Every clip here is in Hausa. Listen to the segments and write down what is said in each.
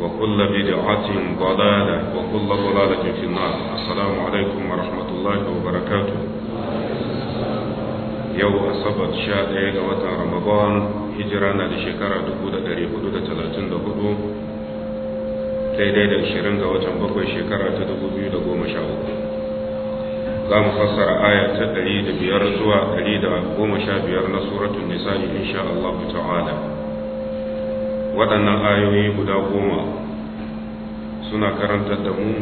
وكل بدعة ضلالة وكل ضلالة في النار السلام عليكم ورحمة الله وبركاته يوم أصبت شاد إيقوة رمضان هجرانا لشكرة دبودة داري حدودة 34 daidai da 20 ga watan bakwai shekara ta 2013 za mu fassara aya ta 105 zuwa 115 na suratun nisa'i insha Allah ta'ala waɗannan ayoyi guda goma suna karantar da mu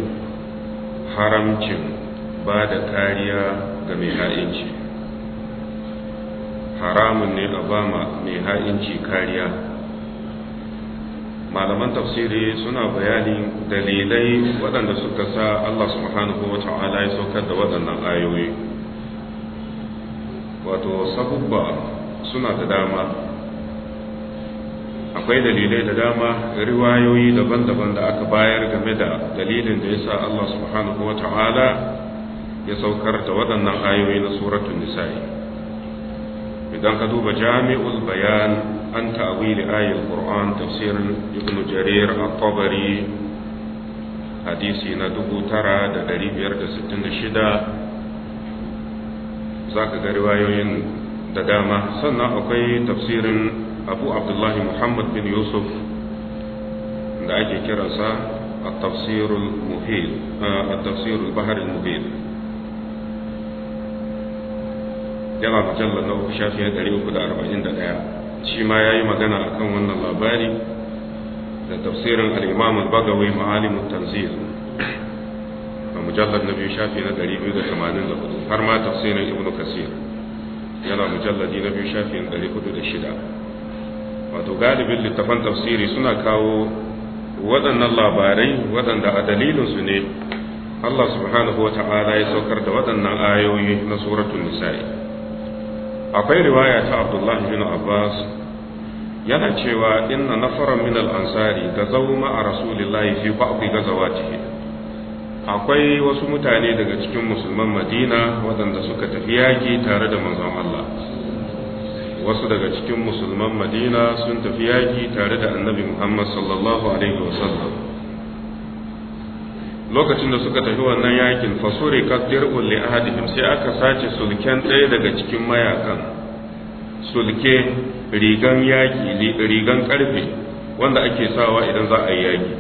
haramcin ba da kariya ga mai ha'inci haramun ne a ba ma mai ha'inci kariya malaman tafsiri suna bayanin dalilai waɗanda suka sa Allah subhanahu wa ta'ala ya saukar da waɗannan ayoyi wato sabubba suna da dama akwai dalilai da dama riwayoyi daban-daban da aka bayar game da dalilin da ya sa Allah subhanahu wa ya saukar da waɗannan ayoyi na suratun nisa'i idan ka duba jami'ul bayan an ta'wili ayatul ƙur'an tafsirin ibn jarir at-tabari hadisi na za ka ga riwayoyin da dama sannan akwai tafsirin abu abdullahi muhammad bin yusuf da ake kiransa a tafsirul muhil a tafsirul baharul muhil yana mujallar na shafiyar 341 shi ma ya yi magana a kan wannan labari da tafsirin al'imam al-bagawi ma'alimun tanzil a mujallar na biyu shafi na 284 har ma tafsirin ibn kasir yana mujalladi na biyu shafi na 406 wato galibin littafan tafsiri suna kawo waɗannan labarai waɗanda a dalilinsu ne Allah subhanahu wa ta'ala ya saukar da waɗannan ayoyi na suratul nisa'i akwai riwaya ta Abdullah bin Abbas yana cewa inna nafaran min al-ansari da zauma a rasulillahi fi ba'd gazawatihi akwai wasu mutane daga cikin musulman Madina waɗanda suka tafi yaki tare da manzon Allah wasu daga cikin musulman madina sun tafi yaki tare da annabi muhammad sallallahu alaihi wasallam lokacin da suka tafi wannan yakin fasuri kaddir ulli ahadihim sai aka sace sulken ɗaya daga cikin mayakan sulke rigan yaƙi, rigan karfe wanda ake sawa idan za a yi yaki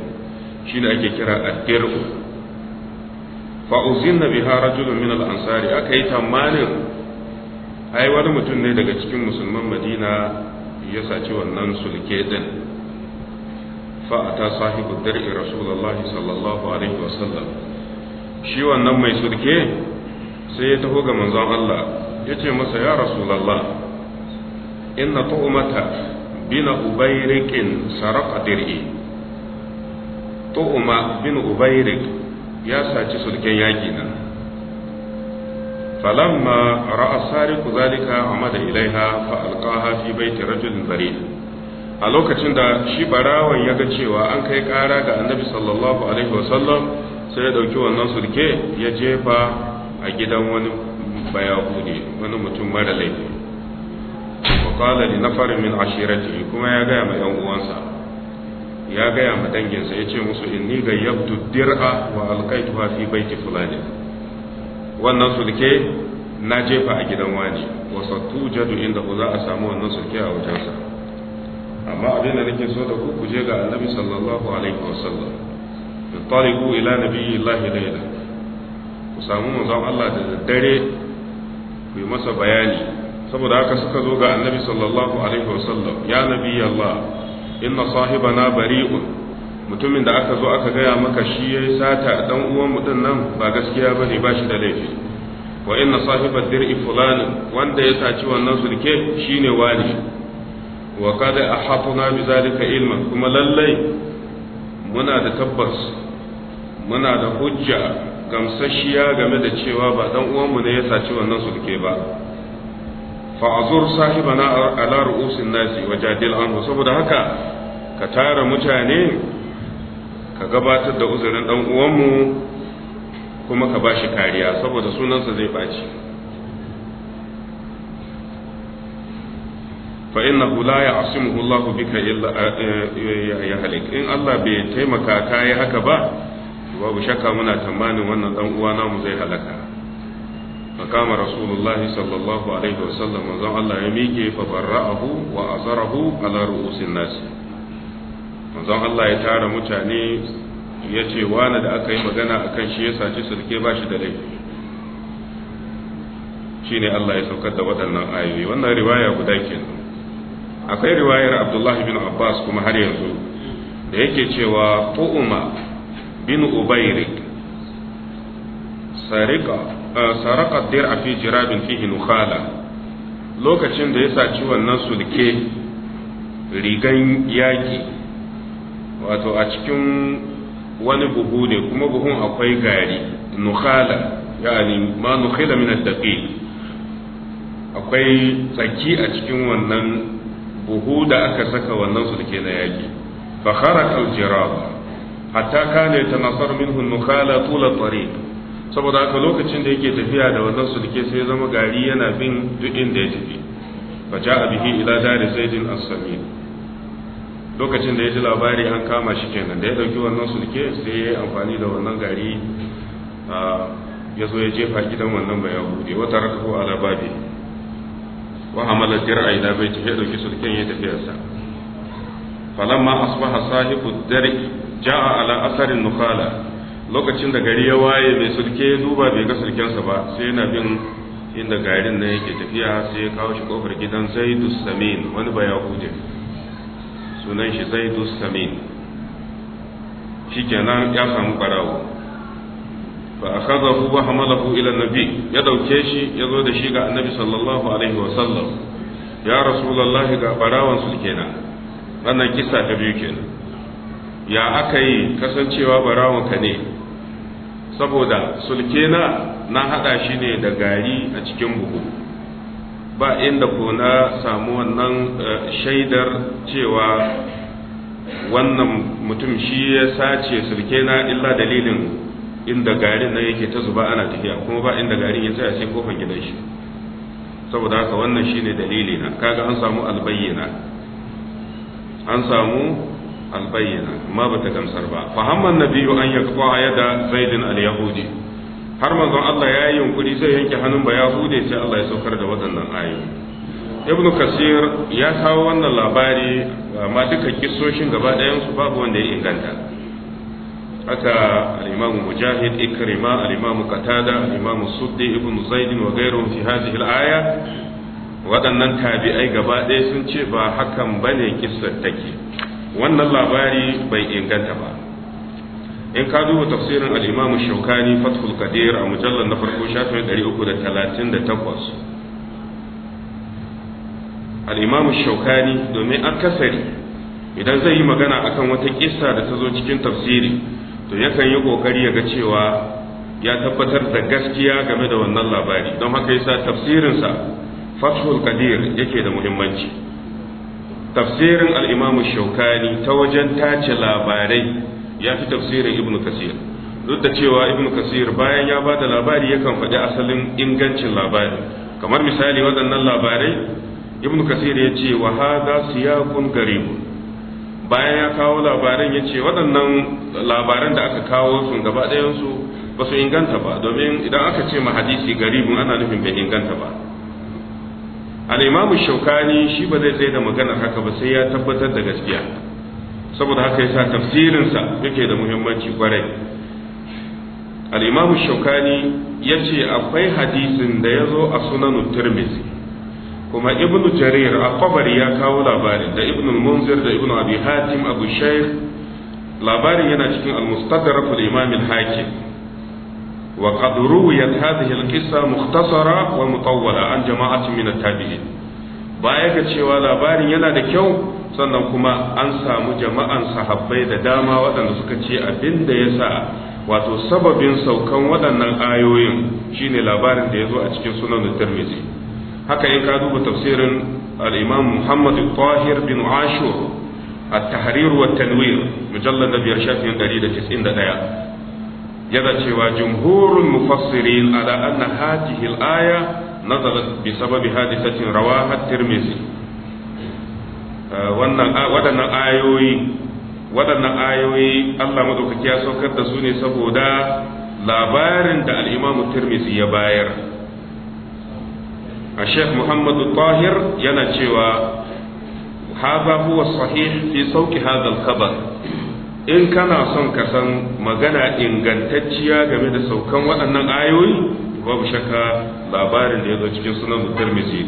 shine ake kira addir'u fa'uzin na biha rajulun min al-ansari aka yi tamanin ai wani mutum ne daga cikin musulman madina ya saci wannan sulke din ata sahibu dar'i rasulullahi sallallahu alaihi wasallam shi wannan mai sulke sai ya taho ga manzon Allah ya ce masa ya rasulullah inna tu'mata bina ubayrikin sarqa dir'i tu'ma bin ubayrik ya saci sulken yaki na فلما راى السارق ذلك عمد اليها فالقاها في بيت رجل بريد a lokacin da shi barawan ya ga cewa an kai kara ga annabi sallallahu alaihi wasallam sai ya dauki wannan surke ya jefa a gidan wani bayahudi wani mutum mara laifi wa qala li nafarin min ashirati kuma ya ga ma yan uwansa ya ga ma danginsa yace musu inni gayyabtu dir'a wa alqaituha fi baiti fulani wannan sulke na jefa a gidan wani wasu tujadu inda ku za a samu wannan sulke a wajensa amma abin da nake so da ku ku je ga annabi sallallahu alaihi wasallam talibu ila nabiyyi llahi layla ku samu manzon Allah da daddare ku yi masa bayani saboda haka suka zo ga annabi sallallahu alaihi wasallam ya nabiyyi Allah inna sahibana bari'un mutumin da aka zo aka gaya maka shi ya yi sata dan uwan mutum nan ba gaskiya ba ne ba shi da laifi wa inna sahibar dir'i fulani wanda ya saci wannan sulke shine wani wa kada a bi zalika ilman kuma lallai muna da tabbas muna da hujja gamsashiya game da cewa ba dan uwanmu ne ya saci wannan sulke ba fa azur sahibana ala ru'usin nasi jadil anhu saboda haka ka tara mutane ka gabatar da uzurin dan uwanmu kuma ka bashi kariya saboda sunansa zai baci fa innahu la ya'simuhu Allahu bika illa eh, ya halik in Allah bai taimaka ka yi haka ba babu shakka muna tamanin wannan dan uwa namu zai halaka فقام رسول الله صلى Allah ya miƙe وزعل يميكي فبرأه وأزره ala رؤوس الناس manzon Allah ya tara mutane ya ce wani da aka yi magana a kan shi ya saci sulke ba shi da laifi shi ne Allah ya saukar da waɗannan ayoyi wannan riwaya guda kenan akwai riwayar abdullahi bin abbas kuma har yanzu da yake cewa ƙu'uma bin ubairik eh, saraka dir a fi jirabin fihi nukhala lokacin da ya saci wannan sulke rigan yaƙi wato a cikin wani buhu ne kuma buhun akwai gari nukhala yani ma nukhila min ad akwai tsaki a cikin wannan buhu da aka saka wannan sulke na yaki fa kharaqa al hatta kana yatanasar minhu nukhala tula tariq saboda haka lokacin da yake tafiya da wannan sulke sai zama gari yana bin duk inda ya tafi fa ja'a bihi ila dari zaidin as-samin lokacin da ya ji labari an kama shi kenan da ya dauki wannan sulke sai ya yi amfani da wannan gari ya zo ya jefa gidan wannan bai yahudi wata rakahu a labari wa jira a bai baiti ya dauki sulken ya tafi yasa falamma asbaha sahibu dari ja'a ala asarin nukala lokacin da gari ya waye mai sulke duba bai ga sulkensa ba sai yana bin inda garin na yake tafiya sai ya kawo shi kofar gidan zaidu samin wani bai yahudi sunan shi zaidu samin shi kenan ya samu barawo fa akhadahu wa hamalahu ila nabi ya dauke shi ya zo da shi ga annabi sallallahu alaihi wa sallam ya rasulullahi ga barawon su kenan wannan kisa ta biyu kenan ya aka yi kasancewa barawon ka ne saboda sulkena na haɗa shi ne da gari a cikin buhu ba inda ko na samu wannan eh, shaidar cewa wannan mutum shi ya sace sulke na illa dalilin inda garin na yake ta zuba ana tafiya kuma ba inda garin ya tsaya sai kofar gidan shi saboda haka wannan shine dalili na kaga an samu albayyana an samu albayyana amma bata gamsar ba fahamman nabiyu an yaqta da zaidin al-yahudi har manzon Allah ya yi yunkuri zai yanke hannun ba ya hude sai Allah ya saukar da waɗannan ayoyi ibnu kasir ya kawo wannan labari amma duka kissoshin gaba ɗayan su babu wanda ya inganta haka al-imamu mujahid ikrima al-imamu qatada al-imamu suddi ibnu zaid wa ghayruhum fi hadhihi al-aya waɗannan tabi'ai gaba ɗaya sun ce ba hakan bane kissar take wannan labari bai inganta ba in ka duba tafsirin al-imam shaukani fathul qadir a mujallar na farko shafin 338 al-imam shaukani domin akasari idan zai yi magana akan wata kissa da ta zo cikin tafsiri to yakan yi kokari ya ga cewa ya tabbatar da gaskiya game da wannan labari don haka yasa tafsirinsa fathul qadir yake da muhimmanci tafsirin al-imam shaukani ta wajen tace labarai ya fi tafsirin ibn kasir duk da cewa ibn kasir bayan ya bada labari yakan faɗi asalin ingancin labari kamar misali waɗannan labarai ibn kasir ya ce wa hada siyakun garibu bayan ya kawo labaran ya ce waɗannan labaran da aka kawo sun gaba ɗayansu ba su inganta ba domin idan aka ce ma hadisi garibin ana nufin bai inganta ba al'imamu shaukani shi ba zai tsaye da maganar haka ba sai ya tabbatar da gaskiya saboda haka yasa tafsirinsa yake da muhimmanci kwarai al shaukani ya ce akwai hadisin da ya zo a sunan tirmidhi kuma ibnu jarir a qabari ya kawo labarin da Ibn munzir da ibnu abi hatim abu labarin yana cikin al-mustadrak al-imam al-hakim ƙisa Muktasara wa القصة مختصرة an عن جماعة من التابعين baya ga cewa labarin yana da kyau sannan kuma an samu jama'an sahabbai da dama waɗanda suka ce abin da ya sa wato sababin saukan waɗannan ayoyin shine labarin da ya zo a cikin sunan tirmizi haka in ka duba tafsirin al-imam muhammad tahir bin ashur at-tahrir wa tanwir mujallad da biyar shafin 191 yana cewa jumhurul mufassirin ala anna hadhihi al-aya nazalat bi sababi hadisatin rawaha wannan waɗannan ayoyi waɗannan ayoyi Allah madaukaki ya saukar da su ne saboda labarin da al-Imam Tirmidhi ya bayar a Sheikh Muhammad Tahir yana cewa hadha huwa sahih fi sauki hadha al-khabar in kana son ka san magana ingantacciya game da saukan waɗannan ayoyi babu shakka labarin da ya zo cikin sunan tirmidhi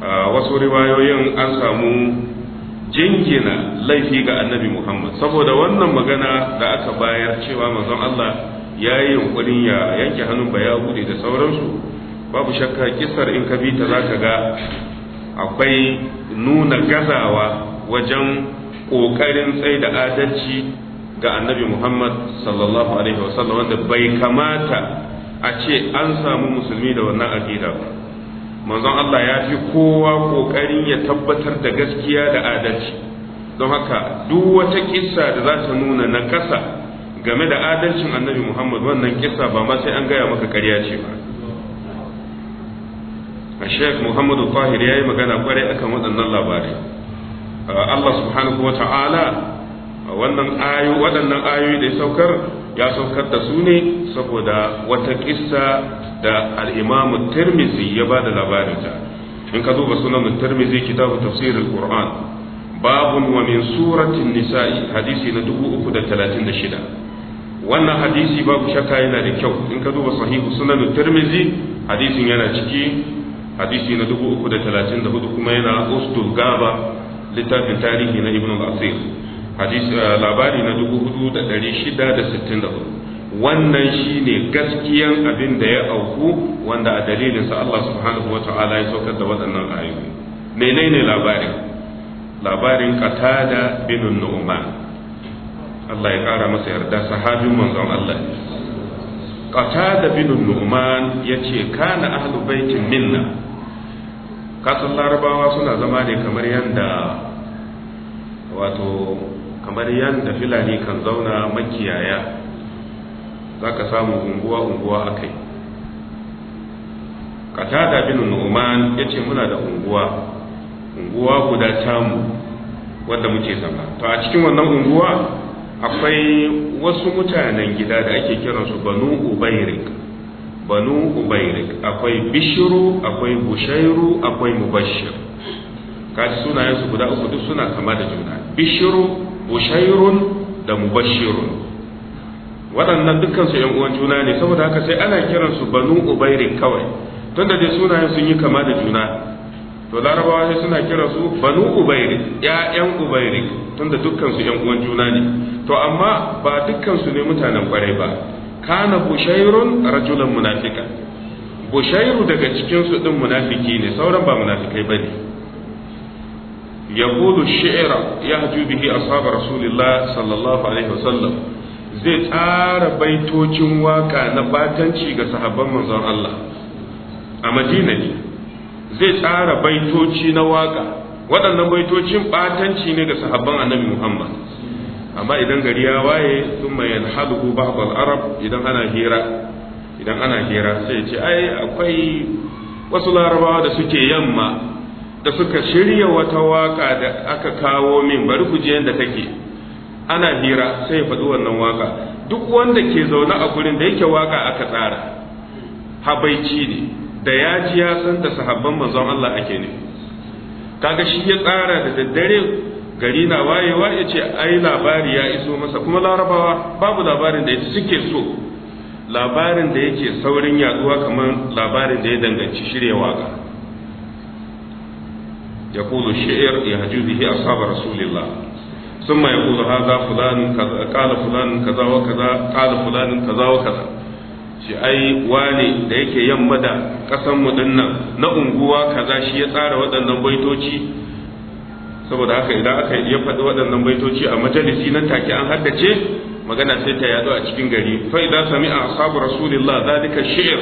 a wasu riwayoyin an samu jingina laifi ga annabi muhammad saboda wannan magana da aka bayar cewa manzon allah ya yi yunkurin ya yanke hannun bayahudi da sauransu babu shakka kisar in ka bi ta za ka ga akwai nuna gazawa wajen ƙoƙarin tsaye da adalci ga annabi muhammad sallallahu alaihi wasallam wanda bai kamata a ce an samu musulmi da wannan aqida ba manzon Allah ya fi kowa kokarin ya tabbatar da gaskiya da adalci don haka duk wata kissa da za ta nuna na kasa game da adalcin annabi Muhammad wannan kissa ba ma sai an gaya maka ƙarya ce ba a sheikh muhammadu tahir ya yi magana kwarai akan waɗannan labarai Allah subhanahu wa ta'ala wannan ayoyi da ya saukar ya saukar da su ne saboda wata kissa da al-Imam Tirmidhi ya da labarinta in ka duba sunan Tirmidhi kitabu tafsir al-Qur'an babun wa min suratin nisa'i hadisi na 336 wannan hadisi babu shakka yana da kyau in ka duba sahihu sunan Tirmidhi hadisin yana ciki hadisi na 334 kuma yana ustul gaba littafin tarihi na Ibn al-Asir hadisi eh, labari na 4664 wannan shine gaskiyan abin da ya auku wanda a dalilinsa Allah subhanahu wa ta'ala ya saukar da waɗannan ayoyi menene labarin labarin qatada bin nu'man Allah ya kara masa yarda sahabin manzon Allah qatada bin nu'man yace kana ahlu baitin minna kasan larabawa suna zama ne kamar yanda wato kamar yadda filani kan zauna makiyaya za ka samu unguwa-unguwa a kai katada bin umar ya ce muna da unguwa unguwa guda tamu wadda muke zama to a cikin wannan unguwa akwai wasu mutanen gida da ake kiransu banu ubairik banu ubairik akwai bishiru akwai bushairu akwai mubashir kaji sunayensu guda uku duk suna kama da juna bishiru bushairun da mubashirun waɗannan dukkansu ‘yan uwan juna ne saboda haka sai ana kiransu banu ubairin kawai tunda dai sunayen sun yi kama da juna to larabawa sai suna kiransu banu ubairin ‘ya'yan ubairin tunda dukkansu ‘yan uwan juna ne to amma ba dukkansu ne mutanen kwarai ba kana bushairun rajulan munafika bushairu daga cikinsu ɗin munafiki ne sauran ba munafikai ba ne Yahudu shi'ra yahju bihi ashab rasulillah sallallahu alaihi wasallam zai tsara baitocin waka na batanci ga sahabban manzon Allah a Madina ne zai tsara baitoci na waka waɗannan baitocin batanci ne ga sahabban annabi Muhammad amma idan gari ya waye sun mai yanhaduhu ba'd arab idan ana hira idan ana hira sai ce ai akwai wasu larabawa da suke yamma da suka shirya wata waka da aka kawo min bari ku je take ana hira sai ya faɗi wannan waka duk wanda ke zaune a gurin da yake waka aka tsara habaici ne da ya ji ya san da sahabban manzon Allah ake ne kaga shi ya tsara da daddare gari na wayewa ya ce ai labari ya iso masa kuma larabawa babu labarin da suke so labarin da yake saurin yaduwa kamar labarin da ya danganci shirya waka يقول الشعر يهجو به أصحاب رسول الله ثم يقول هذا فلان كذا قال فلان كذا وكذا قال فلان كذا وكذا shi ai wane da yake yamma da ƙasan mu dinnan na unguwa kaza shi ya tsara waɗannan baitoci saboda haka idan aka ya faɗi waɗannan baitoci a majalisi nan take an haddace magana sai ta yaɗu a cikin gari fa idza sami'a ashabu rasulillah zalika shi'r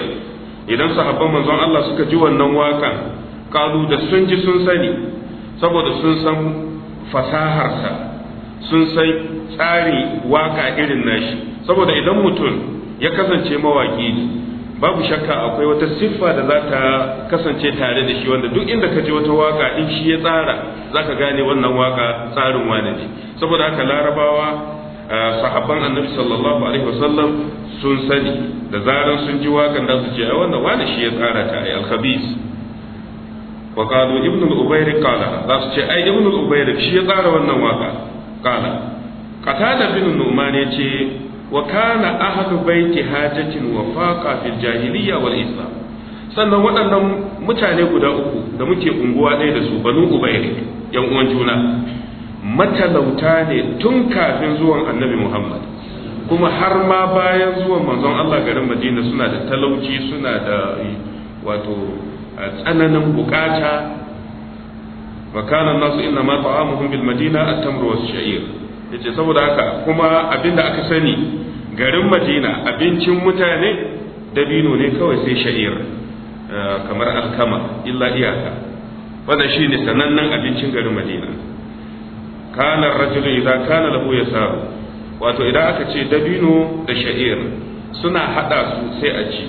idan sahabban manzon Allah suka ji wannan waƙan. kalu da sun ji sun sani saboda sun san fasaharsa sun san tsari waka irin nashi saboda idan mutum ya kasance mawaki babu shakka akwai wata siffa da za ta kasance tare da shi wanda duk inda ka ji wata waka in shi ya tsara za ka gane wannan waka tsarin wani ne saboda haka larabawa sahabban annabi sallallahu alaihi wasallam sun sani da zaran sun ji wakan da su ce wannan wani shi ya tsara ta ai khabis wa qalu ibn al-ubayr qala za su ce ai ibnul al-ubayr shi ya tsara wannan waka qala qatada bin nu'man ya ce wa kana ahlu baiti hajatin wa faqa fil jahiliyya wal islam sannan waɗannan mutane guda uku da muke unguwa ɗaya da su banu ubayr yan uwan juna matalauta ne tun kafin zuwan annabi muhammad kuma har ma bayan zuwan manzon Allah garin Madina suna da talauci suna da wato A tsananin bukata wa kana nasu inna ma ta'amuhum bil madina at-tamr wa shair yace saboda haka kuma abinda aka sani garin madina abincin mutane dabino ne kawai sai sha'ir eh, kamar alkama illa iyaka wannan shine sanannen abincin garin madina kana rajulu idan kana lahu yasaru wato idan aka ce dabino da sha'ir suna hada su sai a ci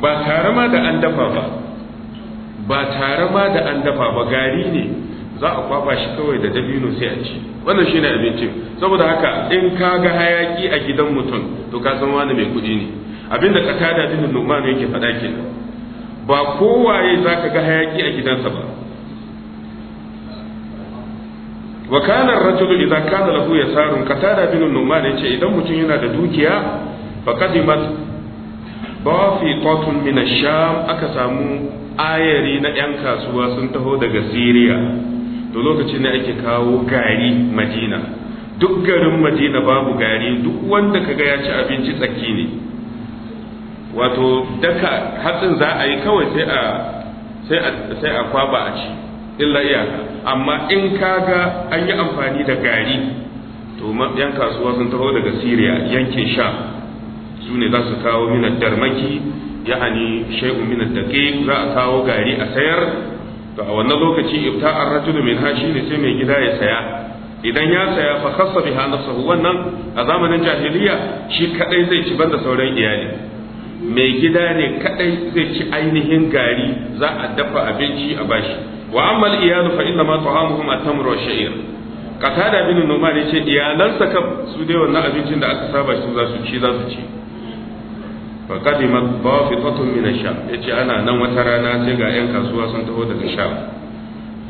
ba tare ma da an dafa ba ba tare ma da an dafa ba gari ne za a kwaba shi kawai da dabino sai a ci wannan shine abincin saboda haka in ka ga hayaki a gidan mutum to ka san wani mai kuɗi ne abinda ka katada bin numan yake faɗa ke ba kowaye za ka ga hayaki a gidansa ba wa kana ar-rajul idan kana lahu yasarun katada bin numan yace idan mutum yana da dukiya ba fi qatun min ash-sham aka samu ayari na 'yan kasuwa sun taho daga siriya to lokacin ne ake kawo gari madina duk garin madina babu gari duk wanda kaga ya ci abinci tsaki ne wato daka hatsin za a yi kawai sai a kwaba a ci illa iyaka amma in kaga an yi amfani da gari to yan kasuwa sun taho daga siriya yankin sha su ne za su kawo mina darmaki yahani shay'un min ad za a kawo gari a sayar to a wannan lokaci ibta'ar rajulu min ha shine sai mai gida ya saya idan ya saya fa khassa biha nafsuhu wannan a zamanin jahiliya shi kaɗai zai ci banda sauran iyali mai gida ne kaɗai zai ci ainihin gari za a dafa abinci a bashi wa amma al-iyalu fa inna tamura ta'amuhum at-tamru wa sha'ir qatada bin numan yace iyalansa kam su dai abincin da aka saba su ci za su ci fa qadimat bafitatun min ash-sham yace ana nan wata rana sai ga yan kasuwa sun taho daga sham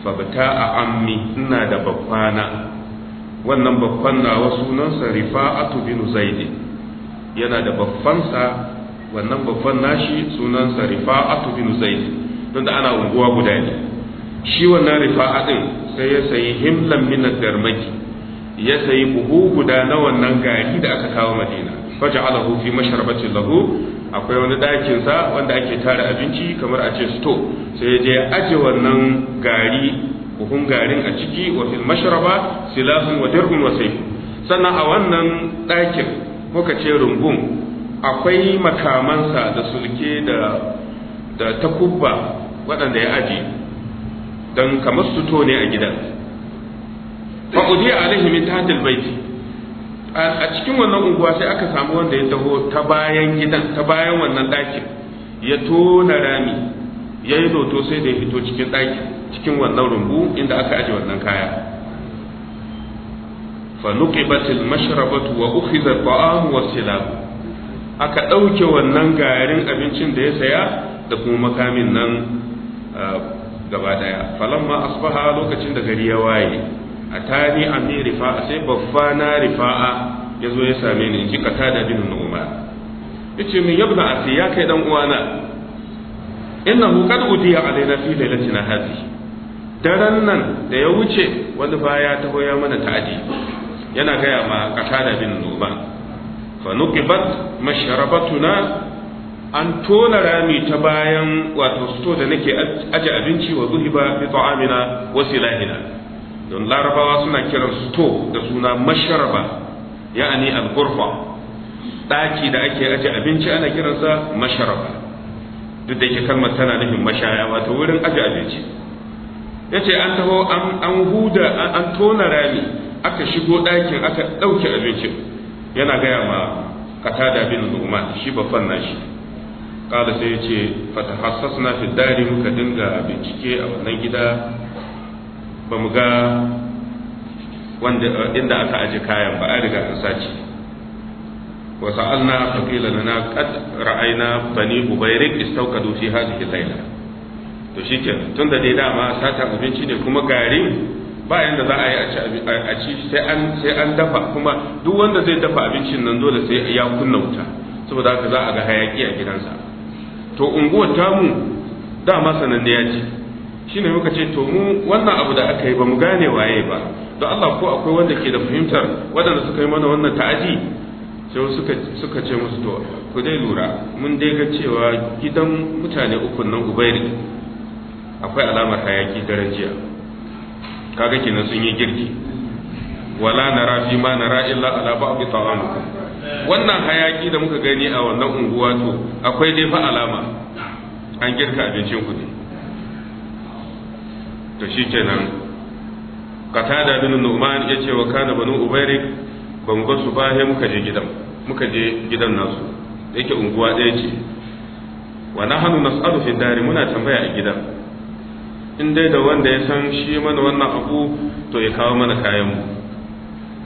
fa bata a ammi ina da babbana wannan babban na wasu nan sa rifa'atu bin zaid yana da babbansa wannan babban nashi sunan sa rifa'atu bin zaid tunda ana unguwa guda ne shi wannan rifa'a din sai ya sayi himlan min ad-darmaki ya sayi buhu guda na wannan gari da aka kawo madina faja'alahu fi masharabatin lahu akwai wani ɗakin sa wanda ake tara abinci kamar a ce sto sai ya je aje wannan gari buhun garin a ciki wa fil mashraba silahun wa dirhun wa sayf sannan a wannan ɗakin muka ce rungun. akwai makamansa da sulke da da takubba waɗanda ya aje dan kamar suto ne a gidan fa'udi alaihi min tahtil baiti a cikin wannan unguwa sai aka samu wanda ya taho ta bayan gidan ta bayan wannan ɗakin ya tona rami ya yi loto sai da ya fito cikin ɗakin cikin wannan rumbu inda aka aje wannan kaya fa nuqibatil mashrabatu wa ukhidha aka ɗauke wannan garin abincin da ya saya da kuma makamin nan ah, gaba daya falamma asbaha lokacin da gari ya waye a tani ammi rifa'a sai babba na rifa'a ya zo ya same ni ta da bin nu'man yace min yabda asi ya kai dan uwana innahu qad udiya alaina fi lailatina hadhihi daren nan da ya wuce wani baya ta ya mana ta'adi yana gaya ma da bin nu'man fa nuqibat masharabatuna an tona rami ta bayan wato sto da nake aje abinci wa zuhiba bi ta'amina wa silahina don larabawa suna kiran sto da suna masharaba ya'ani al-ghurfa daki da ake aje abinci ana kiransa masharaba duk da yake kalmar tana nufin mashaya wato wurin aje abinci yace an taho an huda an tona rami aka shigo ɗakin aka ɗauke abinci, yana gaya ma qatada bin nu'man shi babban nashi kada sai yace fatahassasna fi dari muka dinga bincike a wannan gida ba mu ga wanda inda aka aje kayan ba a riga ta sace wa sa'alna faqila lana qad ra'ayna bani ubayrik istawqadu fi hadhihi layla to tun tunda dai dama sata abinci ne kuma garin ba yanda za a yi a ci sai an sai an dafa kuma duk wanda zai dafa abincin nan dole sai ya kunna wuta saboda haka za a ga hayaki a gidansa to unguwar tamu dama sananne ya ce shine muka ce to mu wannan abu da aka yi ba mu gane waye ba don Allah ko akwai wanda ke da fahimtar waɗanda suka yi mana wannan ta'aji sai suka suka ce musu to ku dai lura mun dai ga cewa gidan mutane uku nan Ubayri akwai alamar hayaki daren jiya kaga kenan sun yi girki wala nara fi ma nara illa ala ba'd ta'amukum wannan hayaki da muka gani a wannan unguwa to akwai dai fa alama an girka abincin ku ne to shi kata da bin nu'man ce wa kana banu ubayrik bango su ba sai muka je gidan muka je gidan nasu yake unguwa ɗaya ce wa nahnu nas'alu fi dari muna tambaya a gidan in dai da wanda ya san shi mana wannan abu to ya kawo mana kayan mu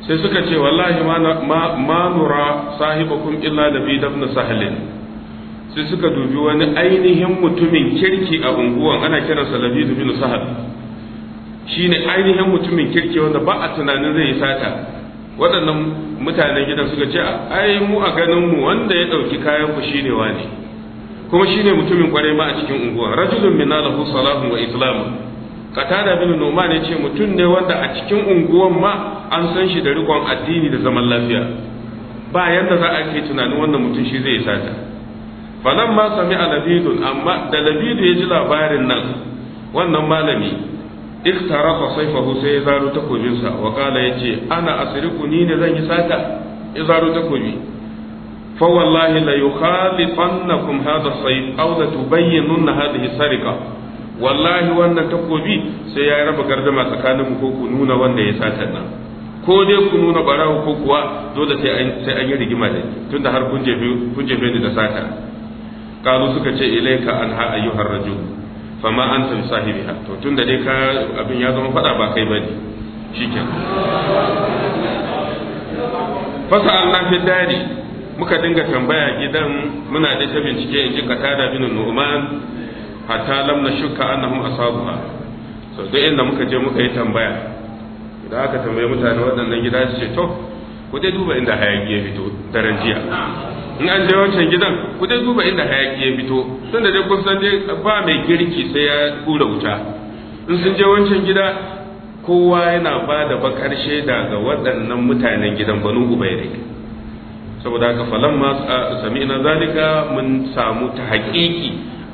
sai suka ce wallahi ma nura sahibakum illa da bi dabna sahalin sai suka dubi wani ainihin mutumin kirki a unguwan ana kiransa labidu bin sahal shine ainihin mutumin kirki wanda ba a tunanin zai yi sata waɗannan mutanen gidan suka ce ai mu a ganin mu wanda ya ɗauki kayan ku shine wani kuma shine mutumin kwarai ma a cikin unguwa rajulun min lahu salahu wa islamu qatada bin numan ya ce mutum ne wanda a cikin unguwan ma an san shi da rikon addini da zaman lafiya ba yadda za a ke tunanin wannan mutum shi zai sata falan ma sami a labidun amma da labidu ya ji labarin nan wannan malami iktarafa saifahu sai ya zaro takobinsa wa kala ya ce ana asiriku ni ne zan yi sata ya zaro takobi fa wallahi la yukhalifannakum hadha sayf aw la tubayyinunna hadhihi sarika wallahi wannan takobi sai ya raba gardama tsakanin ko ku nuna wanda ya sata nan ko dai ku nuna barawo ko kuwa dole sai an sai an yi rigima da tunda har kun jefe kun jefe da sata kalu suka ce ilaika anha ayyuhar rajul fama an tabi sahibi ha to tun da dai ka abin ya zama fada ba kai bane shiken fasa Allah fi dari muka dinga tambaya gidan muna da ta bincike in ji tada bin nu'man hatta lam nashukka annahum asabuha so duk inda muka je muka yi tambaya idan aka tambaye mutane waɗannan gida su ce to ku dai duba inda hayaki ya fito daren jiya in an je wancan gidan ku dai duba inda hayaki ya fito tun da dai kun san dai ba mai girki sai ya kura wuta in sun je wancan gida kowa yana ba da bakar shaida ga waɗannan mutanen gidan banu ubaidai saboda haka falan ma sami na zalika mun samu ta haƙiƙi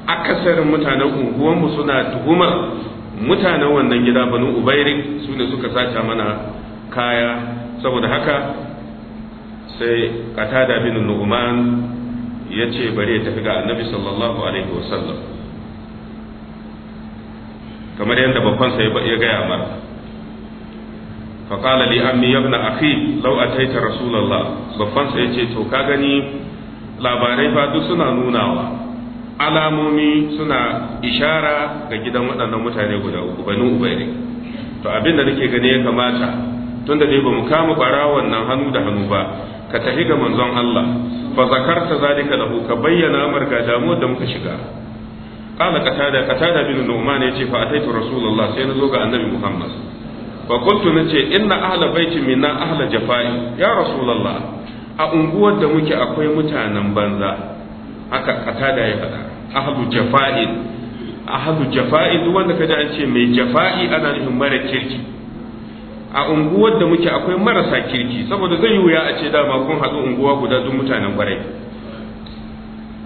akasarin mutanen unguwanmu suna tuhumar mutanen wannan gida banu Ubairik su ne suka sace mana kaya saboda haka sai katada bin nu'man yace bare ya tafi ga annabi sallallahu alaihi wasallam kamar yadda babban sai ya gaya mara فقال لي أمي يا ابن أخي لو أتيت رسول الله babban sai yace to ka gani labarai fa duk suna nunawa alamomi suna ishara ga gidan waɗannan mutane guda uku banu ubairi to abinda nake gani ya kamata tunda dai ba mu kama barawon nan hannu da hannu ba ka tafi ga manzon Allah fa zakarta zalika lahu ka bayyana mar ga damuwar da muka shiga qala qatada qatada bin nu'man yace fa ataitu rasulullah sai na zo ga annabi muhammad fa qultu nace inna ahla baiti minna ahla jafai ya rasulullah a unguwar da muke akwai mutanen banza haka qatada ya faɗa ahlu jafa'in ahlu jafa'i duk wanda kaji an ce mai jafa'i ana nufin mara kirki a unguwar da muke akwai marasa kirki saboda zai wuya a ce dama kun haɗu unguwa guda duk mutanen kwarai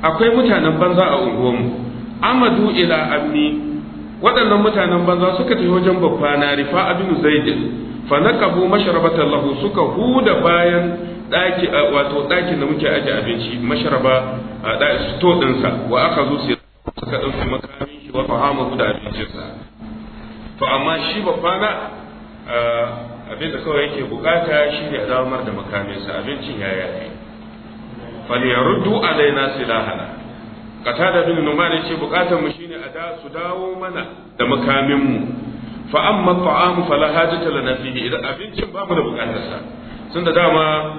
akwai mutanen banza a unguwarmu amadu ila ammi waɗannan mutanen banza suka tafi wajen babba na rifa abinu zaidin fa naqabu mashrabatan lahu suka huda bayan daki wato ɗaki da muke aje abinci mashraba to sto dinsa wa aka zo sai suka dauki makamin shi wa fahama da abincinsa to amma shi babba na Eh, abin da kawai yake bukata shi ne damar da makaminsa abincin ya ya yayi falyaruddu lahana. silahana da bin numan ce bukatar mu ne a su dawo mana da makaminmu. mu fa amma ta'am fala hajata lana fihi idan abincin ba mu da bukatarsa sun da dama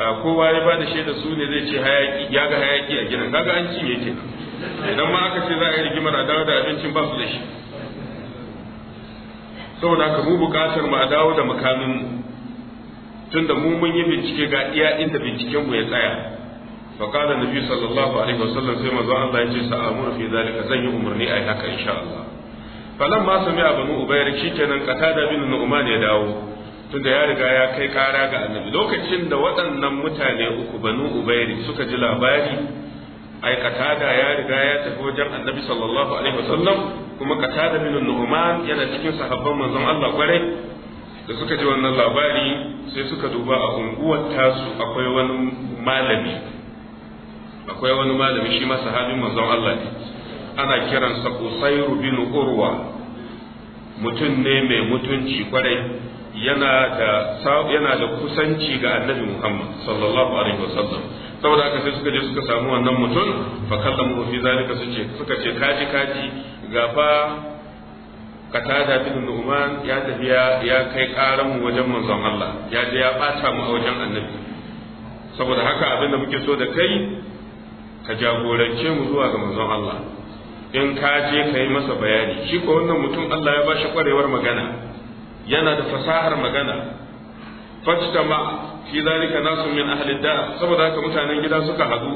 eh, kowa ya bada shaida su ne zai ce hayaki ya ga hayaki a gidan kaga an cinye kenan idan ma aka ce za a yi rigimar a dawo da abincin ba su da shi saboda ka mu bukatar mu a dawo da makamin mu tunda mu mun yi bincike ga iya inda binciken mu ya tsaya fa kana nabi sallallahu alaihi wasallam sai manzo Allah ya ce sa'amuru fi zalika zan yi umarni ai haka insha Allah falamma sami'a banu ubayr shikenan qatada bin nu'man ya dawo tunda ya riga ya kai kara ga annabi lokacin da waɗannan mutane uku banu ubayr suka ji labari Aikata da ya riga ya tafi wajen annabi sallallahu alaihi wasallam kuma katada minun nu'man yana cikin sahabban manzon Allah kwarai da suka ji wannan labari sai suka duba a unguwar tasu akwai wani malami akwai wani malami shi ma sahabin manzon Allah ne ana kiransa Usairu bin Urwa mutum ne mai mutunci kwarai yana da yana da kusanci ga annabi Muhammad sallallahu alaihi wasallam saboda haka sai suka je suka samu wannan mutum fa kallamu fi zalika suce suka ce kaji kaji gafa katada bin nu'man ya tafiya ya kai karan mu wajen manzon Allah ya je ya bata mu a wajen annabi saboda haka abin da muke so da kai ka jagorance mu zuwa ga manzon Allah in ka je ka yi masa bayani shi ko wannan mutum Allah ya ba shi kwarewar magana yana da fasahar magana fajtama fi zalika nasu min ahli da saboda haka mutanen gida suka hadu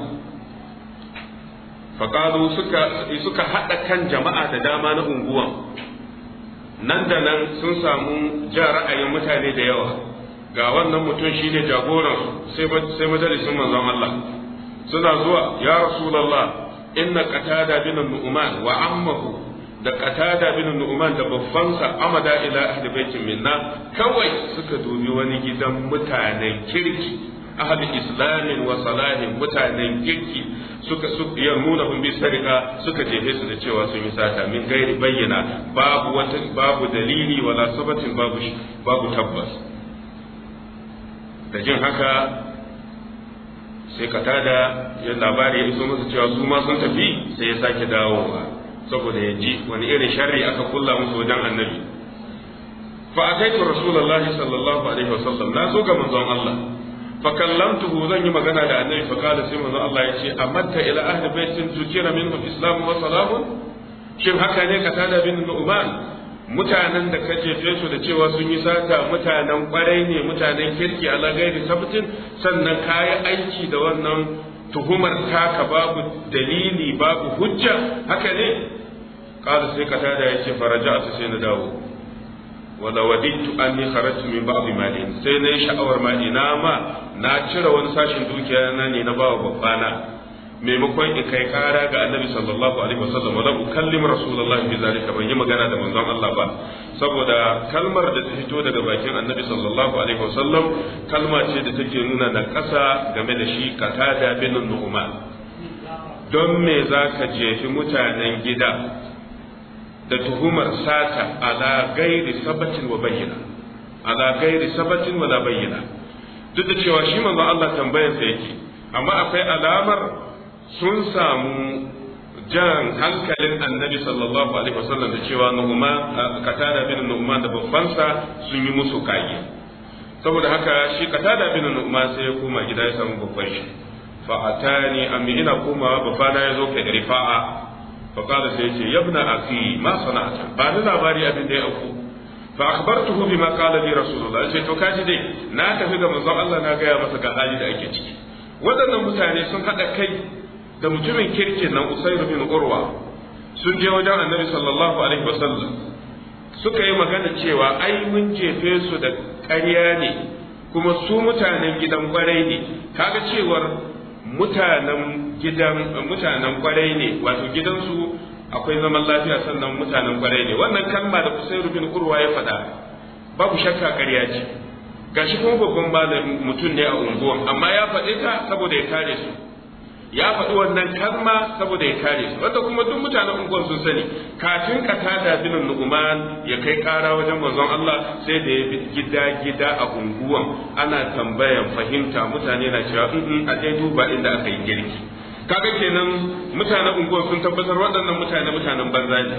faƙalu suka suka haɗa kan jama'a da dama na unguwa. nan da nan sun samu ja ra'ayin mutane da yawa ga wannan mutum shi ne jagoran sai majalisun manzon Allah suna zuwa ya rasulallah inna qatada bin nu'man wa ammahu da qatada bin nu'man da babbansa amada ila ahli baitin minna kawai suka dubi wani gidan mutanen kirki ahli islamin wa salahin mutanen kirki suka yarmuna hun bi sarika suka jefe su da cewa sun yi sata min gairi bayyana babu wata babu dalili wala sabatin babu babu tabbas da jin haka sai katada ya labari ya iso masa cewa su ma sun tafi sai ya sake dawowa saboda ya ji wani irin sharri aka kulla musu wajen annabi fa ataitu rasulullahi sallallahu alaihi wasallam na zo ga manzon Allah fa kallamtuhu zan yi magana da annabi fa kada sai manzon Allah ya ce amatta ila ahli baitin tukira minhu islam wa salamun shin haka ne ka tada bin nu'man mutanen da ka jefe su da cewa sun yi sata mutanen kwarai ne mutanen kirki ala gairi sabtin sannan kayan aiki da wannan tuhumar taka babu dalili babu hujja haka ne قال سي قتادة يشي فرجعت سين داو ولو وددت أني خرجت من بعض مالي سين يشعور ما إناما ناتشر ونساشن دوكي أنني نباو بفانا maimakon in kai kara ga annabi sallallahu alaihi wasallam wa lam ukallim rasulullahi bi zalika ban yi magana da manzon Allah ba saboda kalmar da ta fito daga bakin annabi sallallahu alaihi wasallam kalma ce da take nuna da kasa game da shi katada bin nu'man don me zaka jefi mutanen gida da tuhumar sata ala gairi sabatin wa bayyana ala gairi sabatin wa la bayyana duk da cewa shi manzo Allah tambayar sa yake amma akwai alamar sun samu jan hankalin annabi sallallahu alaihi wasallam da cewa nuhuma katada bin nuhuma da babbansa sun yi musu kage saboda haka shi katada bin nuhuma sai ya koma gida ya samu babban shi fa atani amma ina komawa babana ya zo kai rifa'a fa qala sai yace yabna akhi ma sana'ta ba ni labari abin da ya auku fa akhbartuhu bima qala li rasulullah yace to kaji dai na tafi ga manzon Allah na gaya masa ga hali da ake ciki waɗannan mutane sun haɗa kai da mutumin kirkin nan Usairu bin Urwa sun je wajen Annabi sallallahu alaihi wasallam suka yi magana cewa ai mun jefe su da karya ne kuma su mutanen gidan kwarai ne Ka ga cewar mutanen gidan mutanen kwarai ne wato gidansu akwai zaman lafiya sannan mutanen kwarai ne wannan kalma da Usairu rubin kurwa ya faɗa babu shakka ƙarya ce gashi kuma babban malamin mutum ne a unguwan amma ya faɗi ta saboda ya kare su ya faɗi wannan kalma saboda ya kare su wanda kuma duk mutanen unguwar sun sani kafin katada bin nu'man ya kai ƙara wajen manzon Allah sai da ya bi gida gida a unguwan ana tambayan fahimta mutane na cewa in mm, mm, a dai duba inda aka yi girki kaga kenan mutanen unguwar sun tabbatar waɗannan mutane mutanen banza ne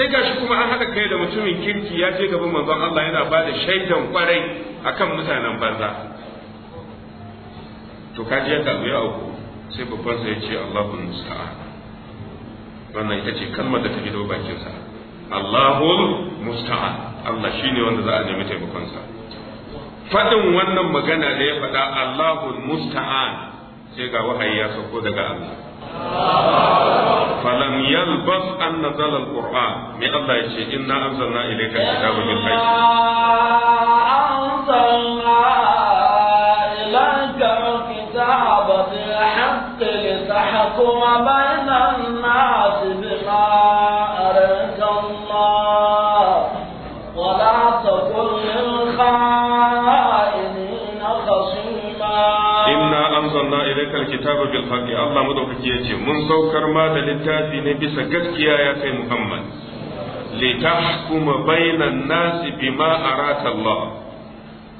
sai gashi kuma an haɗa kai da mutumin kirki ya je gaban manzon Allah yana ba da shaidan kwarai akan mutanen banza to kaji yadda abu ya auku sai babbansa ya ce Allahun musta'a wannan ita ce kalmar da ta gido bakinsa Allahul musta'a Allah shine wanda za a nemi taimakonsa faɗin wannan magana da ya faɗa Allahul musta'a sai ga wahayi ya sauko daga Allah falam yalbas an nazala alquran me Allah ya ce inna anzalna ilayka kitaba bil haqq يحكم بين الناس بما أراك الله ولا تكن للخائنين خصيما إنا أنزلنا إليك الكتاب بالحق الله مدوكك يجي من سوكر ما دلتاتي نبس قسكيا يا سي محمد لتحكم بين الناس بما أراك الله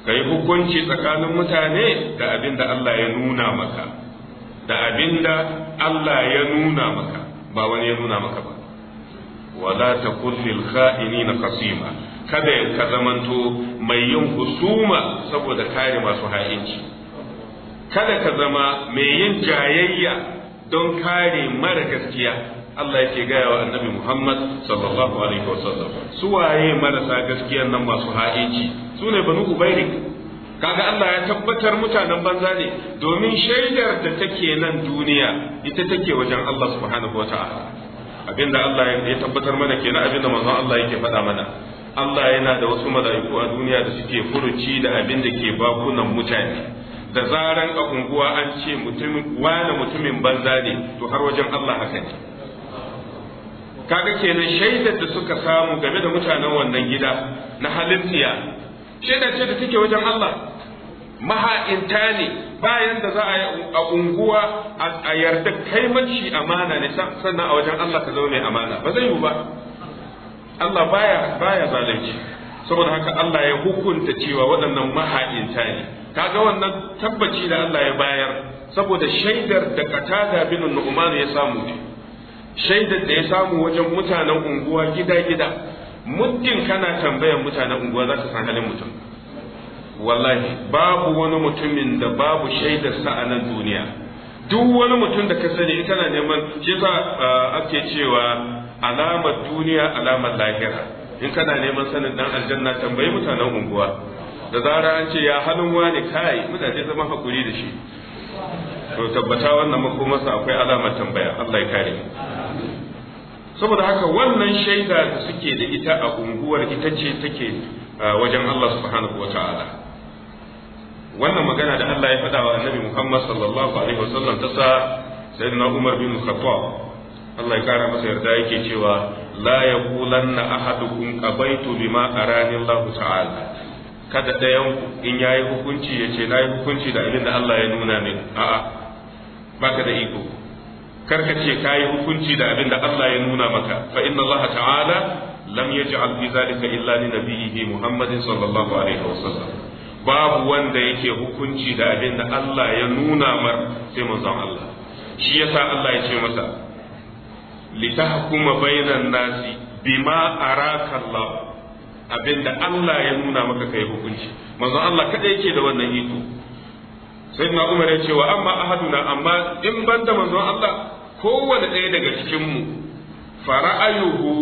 kai hukunci tsakanin mutane da abin da Allah ya nuna maka da abinda Allah ya nuna maka ba wani ya nuna maka ba wala takun lil na kasima kada ya ka zamanto mai yin husuma saboda kare masu ha'inci kada ka zama mai yin jayayya don kare mara gaskiya Allah yake gaya wa annabi Muhammad sallallahu alaihi wasallam su waye marasa gaskiyan nan masu ha'inci su ne banu ubairik kaga Allah ya tabbatar mutanen banza ne domin shaidar da take nan duniya ita take wajen Allah subhanahu wata'ala abinda Allah ya tabbatar mana kenan abinda manzon Allah yake faɗa mana Allah yana da wasu mala'iku a duniya da suke furuci da abin da ke bakunan mutane da zaran a unguwa an ce mutumin wani mutumin banza ne to har wajen Allah haka ne kaga kenan shaidar da suka samu game da mutanen wannan gida na halittiya shaidar ce da take wajen Allah maha'inta ne bayan da za a yi a unguwa a yarda kai manci amana ne sannan a wajen Allah ka mai amana ba zai yi ba Allah baya baya zalunci saboda haka Allah ya hukunta cewa waɗannan maha'inta ne kaga wannan tabbaci da Allah ya bayar saboda shaidar da katada bin Nu'man ya samu shaidar da ya samu wajen mutanen unguwa gida gida muddin kana tambayar mutanen unguwa za ka san halin mutum wallahi babu wani mutumin da babu shaidarsa a nan duniya duk wani mutum da ka sani kana neman shi ah, ake cewa alamar duniya alamar lahira in kana neman sanin dan aljanna tambayi mutanen unguwa da zara an ce ya halin wani kai mutane zama hakuri da shi to tabbata wannan makomarsa akwai alamar tambaya Allah ya kare saboda haka wannan shaida da suke da ita a unguwar ita ce take ah, wajen Allah subhanahu wa ta'ala wannan magana da Allah ya faɗa wa annabi Muhammad sallallahu alaihi wasallam ta sa sayyidina Umar bin Khattab Allah ya kara masa yarda yake cewa la yaqulanna ahadukum qabaitu bima arani Allah ta'ala kada ɗayan in yayi hukunci ya ce na yi hukunci da abin da Allah ya nuna min a'a baka da iko karka ce kayi hukunci da abin da Allah ya nuna maka fa inna Allah ta'ala lam yaj'al bi zalika illa li nabiyhi Muhammadin sallallahu alaihi wasallam babu wanda yake hukunci da abin da Allah ya nuna mar sai manzon Allah shi yasa Allah ya ce masa litahkuma bainan nasi bima araka Allah abin Allah ya nuna maka kai hukunci manzon Allah kada yake da wannan iko sai na Umar ya ce wa amma ahaduna amma in banda manzon Allah kowanne ɗaya daga cikin mu fara'ayuhu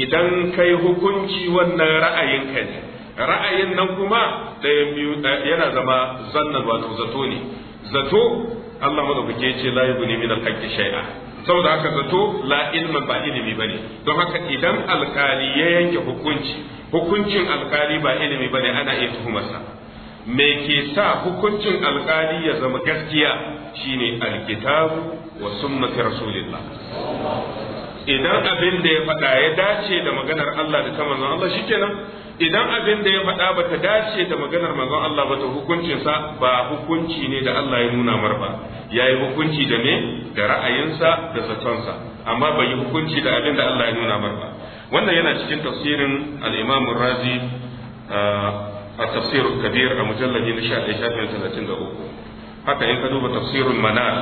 idan kai hukunci wannan ra'ayinka ne ra'ayin nan kuma ɗayan biyu yana zama zannan wato zato ne zato Allah madaukake ce la yubni min al-haqqi shay'a saboda haka zato la ilma ba ilimi bane don haka idan alkali ya yanke hukunci hukuncin alkali ba ilimi bane ana iya tuhumarsa me ke sa hukuncin alkali ya zama gaskiya shine alkitabu wa sunnati rasulillah idan abin da ya faɗa ya dace da maganar Allah da ta manzon Allah shikenan idan abin da ya faɗa ba ta dace da maganar manzon Allah ba ta hukuncinsa ba hukunci ne da Allah ya nuna mar ba ya yi hukunci da me da ra'ayinsa da zatonsa amma bai yi hukunci da abin da Allah ya nuna mar ba wannan yana cikin tafsirin al-Imam Razi uh, a tafsir kabir a mujalladi na 11 haka in ka duba tafsirul manar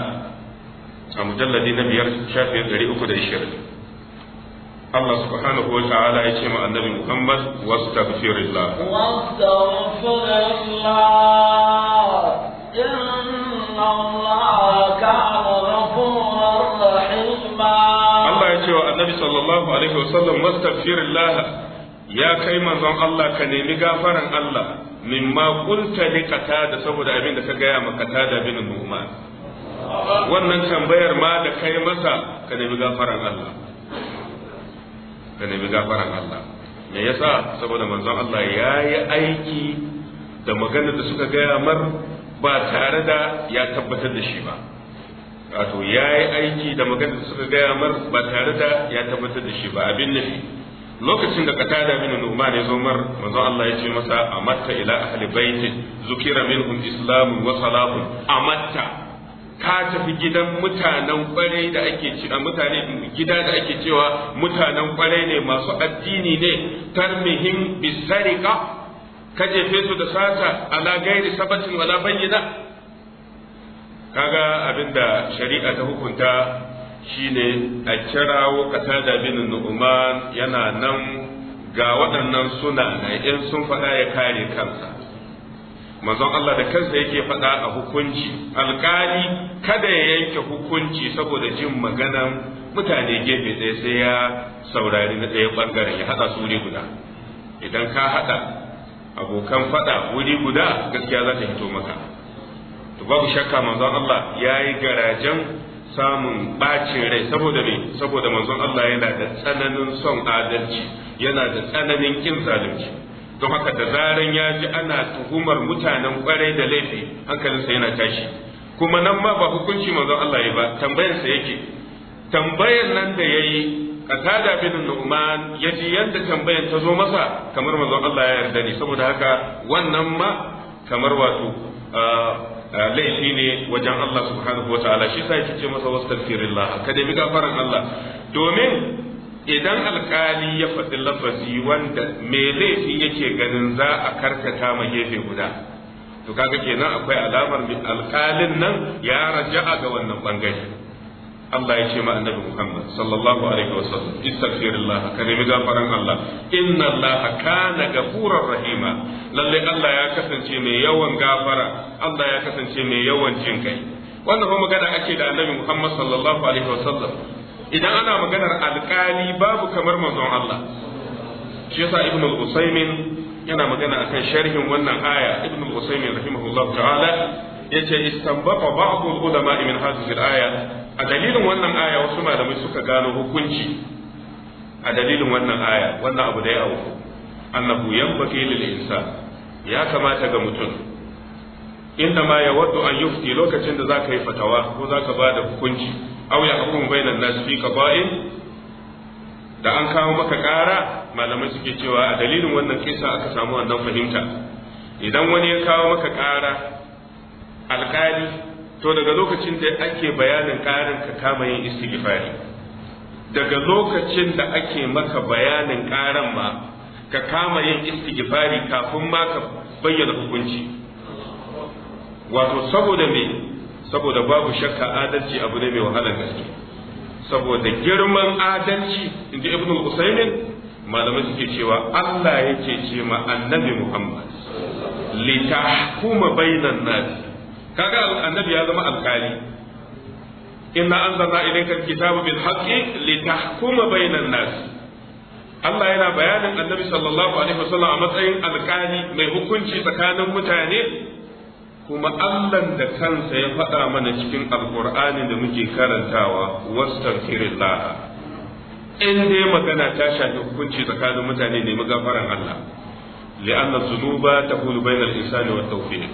a mujalladi na biyar shafin 320 Allah subhanahu wa ta'ala ya ce ma annabi Muhammad wastaghfirillah wastaghfirillah inna Allah kana ghafurur rahima Allah ya ce wa annabi sallallahu alaihi wasallam wastaghfirillah ya kai manzon Allah ka nemi gafaran Allah mimma kunta liqata da saboda abin da ka gaya maka tada bin Nu'man wannan tambayar ma da kai masa ka nemi gafaran Allah ka nemi gafaran Allah me yasa saboda manzon Allah ya yi aiki da magana da suka gaya mar ba tare da ya tabbatar da shi ba wato ya yi aiki da magana da suka gaya mar ba tare da ya tabbatar da shi ba abin nufi lokacin da tada min nu'man ya zo mar manzon Allah ya ce masa amatta ila ahli baiti zukira minhum islamu wa salahun amatta ka tafi gidan mutanen kwarai da ake cewa mutane gida da ake cewa mutanen kwarai ne masu addini ne tarmihin bisarika ka jefe su da sata ala gairi sabatin wala bayyana kaga abinda shari'a ta hukunta shine a kirawo da bin nu'man yana nan ga waɗannan suna na in sun faɗa ya kare kansa manzon Allah da kansa yake faɗa a hukunci alkali kada ya yanke hukunci saboda jin maganan mutane gefe ɗaya sai ya saurari na ɗaya ɓangaren ya haɗa su wuri guda idan ka haɗa abokan faɗa wuri guda gaskiya za ta hito maka to babu shakka manzon Allah ya yi garajen samun ɓacin rai saboda me saboda manzon Allah yana da tsananin son adalci yana da tsananin kin zalunci don haka da zaran ya ji ana tuhumar mutanen kwarai da laifi hankalinsa yana tashi kuma nan ma ba hukunci manzon Allah ya ba tambayansa yake tambayan nan da yayi kasada bin nu'man yaji yadda tambayar ta zo masa kamar manzon Allah ya yarda ne saboda haka wannan ma kamar wato laifi ne wajen Allah subhanahu wa ta'ala shi sa yake ce masa wastaghfirillah kada bi gafaran Allah domin idan alkali ya faɗi lafazi wanda mai laifi yake ganin za a karkata ma gefe guda to kaga kenan akwai alamar alkalin nan ya raja'a ga wannan bangare Allah ya ce ma annabi Muhammad sallallahu alaihi wasallam istaghfirullah ka nemi gafaran Allah inna Allah kana gafurar rahima lalle Allah ya kasance mai yawan gafara Allah ya kasance mai yawan jinkai wannan fa magana ake da annabi Muhammad sallallahu alaihi wasallam idan ana maganar alƙali babu kamar manzon Allah shi yasa ibn al-usaymin yana magana akan sharhin wannan aya ibn al-usaymin rahimahullahu ta'ala yace istanbaqa ba'du al-ulama min hadhihi al-aya a dalilin wannan aya wasu malamai suka gano hukunci a dalilin wannan aya wannan abu da ya auku annahu yanbaghi lil insan ya kamata ga mutum inda ma ya waddu an yufti lokacin da zaka yi fatawa ko zaka bada hukunci aw ya hukumu bainan nas fi da an kawo maka ƙara malamai suke cewa a dalilin wannan kisa aka samu wannan fahimta idan wani ya kawo maka ƙara alƙali to daga lokacin da ake bayanin ƙarin ka kama yin istighfari daga lokacin da ake maka bayanin ƙaran ma ka kama yin istighfari kafin ma ka bayyana hukunci wato saboda me saboda babu shakka adalci abu ne mai wahalar gaske saboda girman adalci inji ibn usaimin malamai suke cewa Allah ya cece ma annabi Muhammad li tahkuma bainan nas kaga annabi ya zama alkali inna anzalna ilayka alkitaba bil haqqi li tahkuma bainan nas Allah yana bayanin annabi sallallahu alaihi wasallam a matsayin alkali mai hukunci tsakanin mutane kuma Allah da kansa ya faɗa mana cikin alkur'ani da muke karantawa wastaghfirin laha in dai magana ta shafi hukunci tsakanin mutane ne magafaran Allah li'anna zunuba tahulu bainal insani wat tawfiq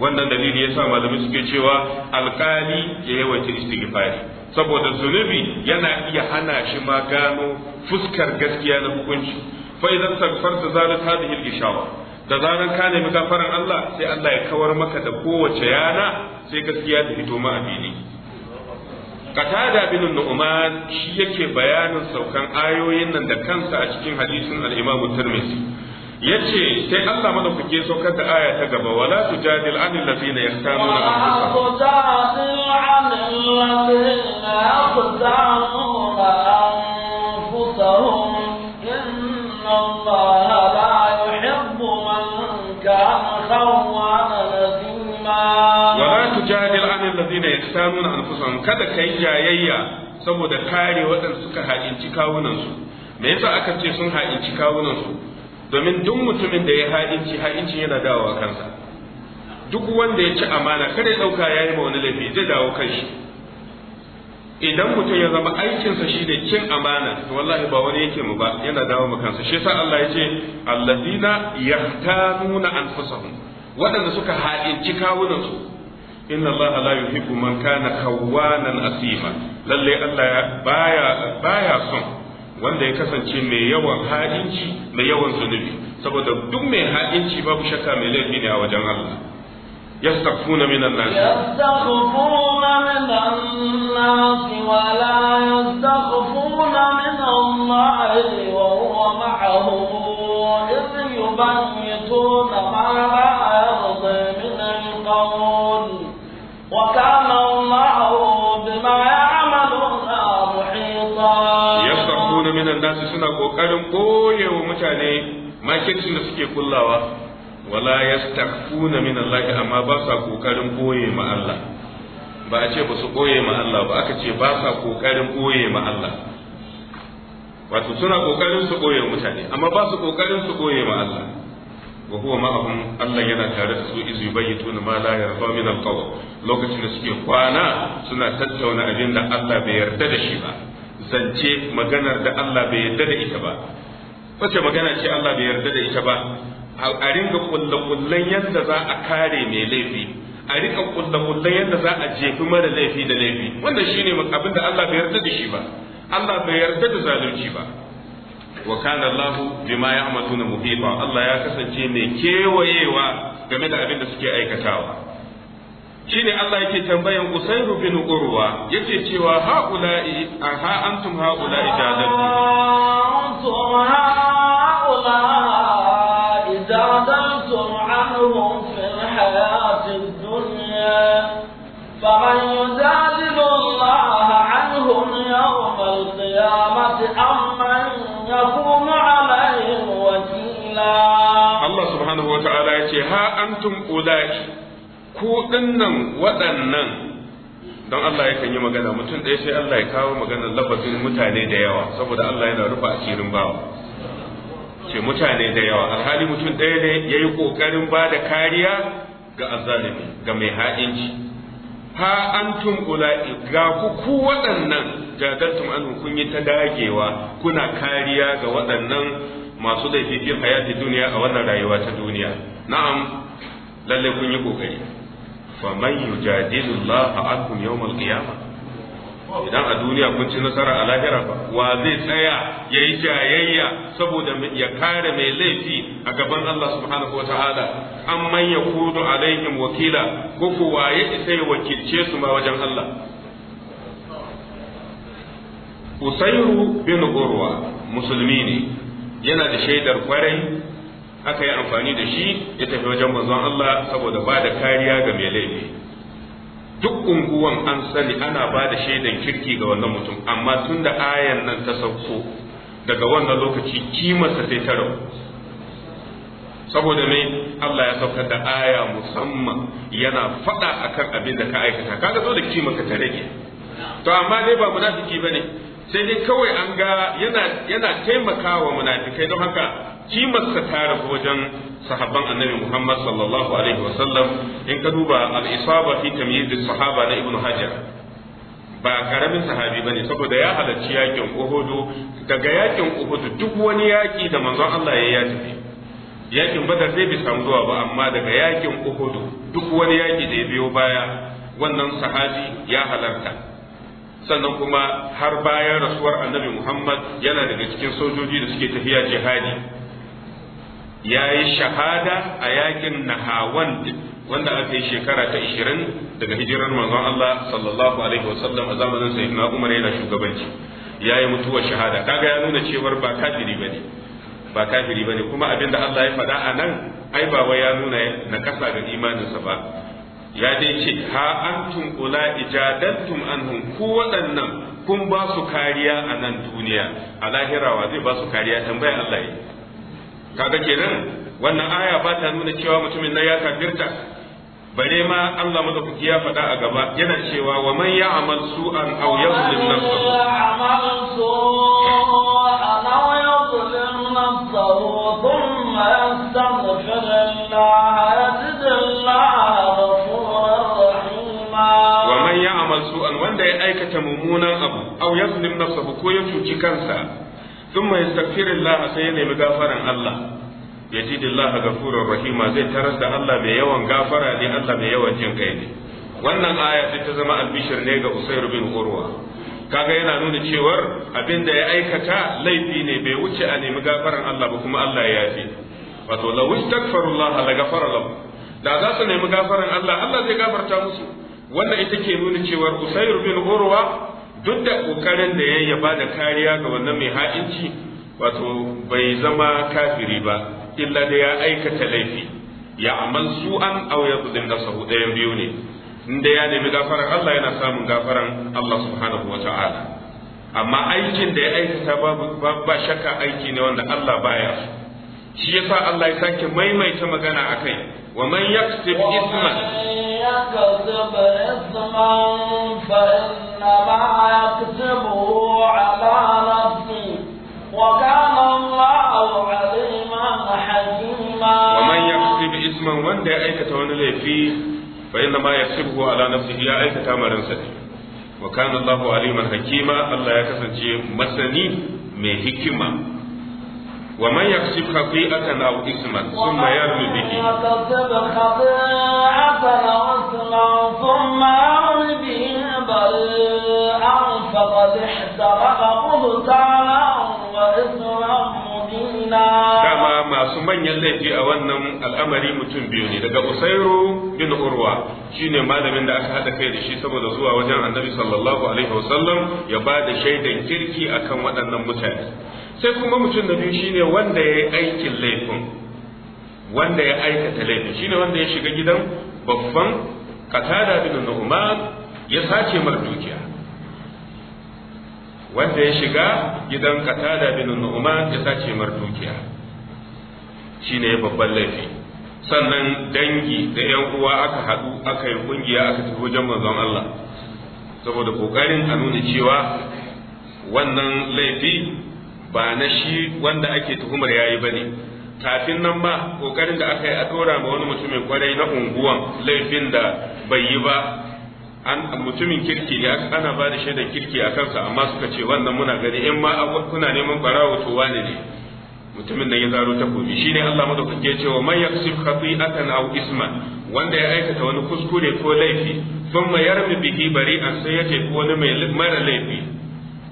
wannan dalili sa malamai suke cewa alkali ya yawaita istighfari saboda zunubi yana iya hana shi ma gano fuskar gaskiya na hukunci fa idan tagfarta zalika hadhihi al ishara da zaran ka nemi gafaran Allah sai Allah ya kawar maka da kowace yana sai gaskiya ta fito ma a fili qatada bin nu'man shi yake bayanin saukan ayoyin nan da kansa a cikin hadisin al-Imam Tirmidhi yace sai Allah madaukake saukar da aya ta gaba wala tujadil anil ladina yahtamuna anfusahum tujadil anil ladina yahtamuna anfusahum allazina yaksanuna anfusahum kada kai jayayya saboda kare waɗanda suka ha'inci kawunansu me yasa aka ce sun ha'inci kawunansu domin duk mutumin da ya haɗinci, ha'inci yana dawowa kansa duk wanda ya ci amana kada ya dauka yayi ma wani laifi zai dawo kanshi idan mutum ya zama aikinsa shi ne cin amana to wallahi ba wani yake mu ba yana dawo mu kansa shi yasa Allah ya ce allazina yahtanuna anfusahum waɗanda suka ha'inci kawunansu inna allaha la yuhibbu man kana khawwanan asima lalle Allah baya baya son wanda ya kasance mai yawan ha'inci mai yawan zunubi saboda duk mai ha'inci babu shakka mai laifi ne a wajen Allah yastaghfuna minan nas yastaghfuna minan nas wa la yastaghfuna min Allah wa إذ يبيتون ما لا يرضي من القول وكان الله بما يعملون محيطا يفتحون من الناس سنة وقالوا قوية ومتاني ما كنتم نسكي كلها ولا يستخفون من الله أما باسا kokarin boye ma Allah ba a ce ba su koye ma Allah ba aka ce ba sa kokarin koye ma Allah wato suna kokarin su koye mutane amma ba su kokarin su koye ma Allah wa huwa ma'ahum Allah yana tare da su izu bayyituna ma la yarda min alqawl lokacin da suke kwana suna tattauna abin da Allah bai yarda da shi ba zance maganar da Allah bai yarda da ita ba wace magana ce Allah bai yarda da ita ba a ringa kullakullan yadda za a kare mai laifi a rika kullakullan yadda za a jefi mara laifi da laifi wannan shine abin da Allah bai yarda da shi ba Allah bai yarda da zalunci ba wa kana Allah bima ya'maluna muhita Allah ya kasance mai kewayewa game da abin da suke aikatawa shine Allah yake tambayan Usairu bin Urwa yake cewa haula'i aha antum haula'i jadaltu ta'ala ya ce ha antum ulai ku dinnan waɗannan don Allah ya yi magana mutum ɗaya sai Allah ya kawo magana lafazin mutane da yawa saboda Allah yana rufa asirin bawa ce mutane da yawa alhali mutum ɗaya ne ya yi ƙoƙarin ba da kariya ga azalimi ga mai ha'inci ha antum ulai ga ku ku waɗannan jadantum an kun yi ta dagewa kuna kariya ga waɗannan masu laifin fil hayati duniya a wannan rayuwa ta duniya na'am lalle kun yi kokari fa man yujadilu Allah akum yawm al-qiyamah idan a duniya kun ci nasara a lahira ba wa zai tsaya yayi jayayya saboda ya kare mai laifi a gaban Allah subhanahu wataala an man yakudu alaihim wakila ko ko ya isa ya wakilce su ma wajen Allah Usairu bin Urwa musulmi ne yana da shaidar kwarai aka yi amfani da shi ya tafi wajen manzon Allah saboda ba da kariya ga mai laifi duk unguwan an sani ana ba da shaidan kirki ga wannan mutum amma tun da ayan nan ta sauko daga wannan lokaci kimarsa sai ta rabu saboda mai Allah ya saukar da aya musamman yana faɗa akan abin da ka aikata kaga zo da kimarka ta rage to amma dai ba munafiki bane sai dai kawai an ga yana taimaka taimakawa munafikai don haka kimarsa ta rabu wajen sahabban annabi Muhammad sallallahu alaihi wasallam in ka duba al fi tamyiz sahaba na ibnu hajar ba karamin sahabi ne saboda ya halarci yakin uhudu, daga yakin uhudu duk wani yaki da manzon Allah ya yi tafi yakin Badar zai bi samu zuwa ba amma daga yakin uhudu duk wani yaki da ya biyo baya wannan sahabi ya halarta sannan kuma har bayan rasuwar annabi Muhammad yana daga cikin sojoji da suke tafiya jihadi ya yi shahada a yakin nahawan wanda aka yi shekara ta 20 daga hijirar manzon Allah sallallahu alaihi wa sallam a zamanin sayyidina Umar yana shugabanci ya yi mutuwar shahada kaga ya nuna cewar ba kafiri bane ba kafiri bane kuma abinda Allah ya faɗa a nan ai ba wai ya nuna na kasa ga imaninsa ba ya dai ce ha antum ula ijadantum anhum ku waɗannan kun ba su kariya a nan duniya a lahira wa zai ba su kariya tambaya Allah yi kaga kenan wannan aya ba ta nuna cewa mutumin nan ya kafirta bare ma Allah madaukaki ya faɗa a gaba yana cewa wa man ya'mal su'an aw yuzlim nafsahu su'an Allah amal su'an wanda ya aikata mummunan abu aw yazlim nafsahu ko ya cuci kansa thumma yastaghfirullah sai ya nemi gafaran Allah yajidillaha ghafurur rahima zai tarar da Allah mai yawan gafara ne Allah mai yawan jin kai ne wannan aya sai ta zama albishir ne ga Usayr bin Urwa kaga yana nuna cewar abinda ya aikata laifi ne bai wuce a nemi gafaran Allah ba kuma Allah ya yafi wato law istaghfirullah la ghafara lahu da za su nemi gafaran Allah Allah zai gafarta musu wannan ita ke nuna cewar usairu bin urwa duk da kokarin da yayi ya bada kariya ga wannan mai ha'inci wato bai zama kafiri ba illa da ya aikata laifi ya amal su'an aw yadhlim nafsahu dayan biyu ne inda ya nemi gafaran Allah yana samun gafaran Allah subhanahu wa ta'ala amma aikin da ya aikata babu ba shakka aiki ne wanda Allah baya shi yasa Allah ya sake maimaita magana akai wa isman ma wa man isman wanda ya aikata wani laifi fa ya aikata maransa ne hakima Allah ya kasance masani mai hikima ومن يكسب خطيئة أو إثما ثم يرمي به يكسب خطيئة أو إثما ثم يرمي به بريئا فقد احترق بهتانا وإثما dama masu manyan laifi a wannan al'amari mutum biyu ne daga usairu bin urwa shine malamin da aka haɗa kai da shi saboda zuwa wajen annabi sallallahu alaihi wasallam ya ba da shaidan kirki akan waɗannan mutane sai kuma mutum na biyu shine wanda ya yi aikin laifin wanda ya aikata laifin shine wanda ya shiga gidan babban katada bin nu'man ya sace mar dukiya wanda ya shiga gidan katada bin nu'man ya sace mar dukiya shine babban laifi sannan dangi da yan uwa aka haɗu aka yi kungiya aka tafi wajen manzon Allah saboda kokarin a nuna cewa wannan laifi ba na shi wanda ake tuhumar yayi ne. kafin nan ma kokarin da aka yi a dora ma wani mutumin kwarai na unguwan laifin da bai yi ba an mutumin kirki ya ana ba da shaidar kirki a kansa amma suka ce wannan muna gani in ma kuna neman barawo to wani ne mutumin da ya zaro takobi shine Allah madaukake ya ce wa man yaksib khati'atan aw isman wanda ya aikata wani kuskure ko laifi thumma yarmi bihi bari'an sai ya ce wani mai mara laifi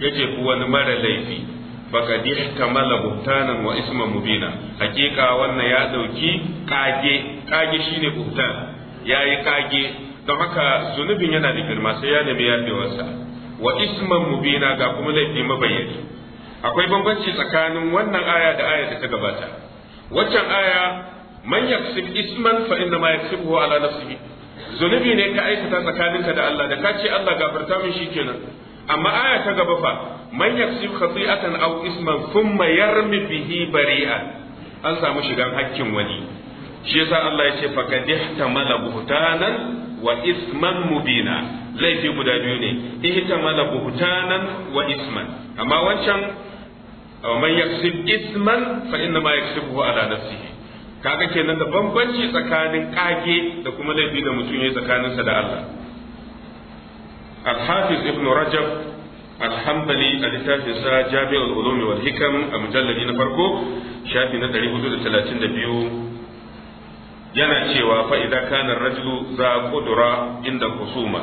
ya ce wani mara laifi baka mala buhtanan wa isman mubina hakika wannan ya dauki kage kage shine buhtan yayi kage don haka zunubin yana da girma sai ya nemi yafewarsa wa isman mubina ga kuma laifi mabayyani akwai bambanci tsakanin wannan aya da aya da ta gabata waccan aya man yaksib isman fa inna ma yaksibuhu ala nafsihi zunubi ne ka aikata tsakaninka da Allah da ka ce Allah gafarta min shikenan amma aya ta gaba fa man yaksi khati'atan aw isman thumma yarmi bihi bari'a. an samu shigan hakkin wani shi yasa Allah ya ce faqad ihtamala buhtanan wa isman mubina laifi guda biyu ne ihtamala buhtanan wa isman amma wancan man yaksib isman fa inna ma yaksibuhu ala nafsihi kaga kenan da bambanci tsakanin kage da kuma laifi da mutum yayi tsakaninsa da Allah al-hafiz ibn rajab alhambali a littafin sa jami'ul ulumi wal hikam a mujalladi na farko shafi na 432 yana cewa fa idza kana rajulu za qudura inda kusuma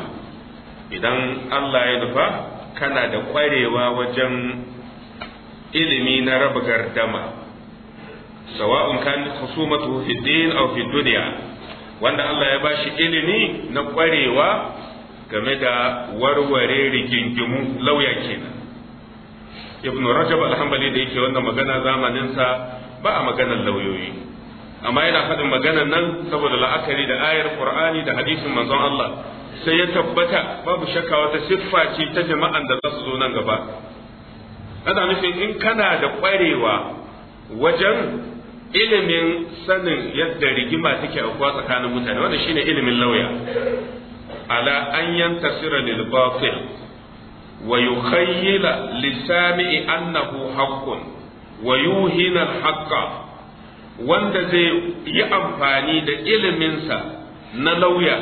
idan Allah ya nufa kana da kwarewa wajen ilimi na raba gardama sawa'un kan khusumatu fi din aw fi dunya wanda Allah ya bashi ilimi na kwarewa game da warware rigingimu lauya kenan ibn rajab alhambali da yake wannan magana zamanin sa ba a maganar lauyoyi amma yana faɗin maganar nan saboda la'akari da ayar qur'ani da hadisin manzon Allah sai ya tabbata babu shakka wata siffa ce ta jama'an da za su zo nan gaba ana nufin in kana da ƙwarewa wajen ilimin sanin yadda rigima take akwai tsakanin mutane wanda shine ilimin lauya ala an yantasira lil batil wa yukhayyila lisami'i annahu haqqun wa wanda zai yi amfani da iliminsa na lauya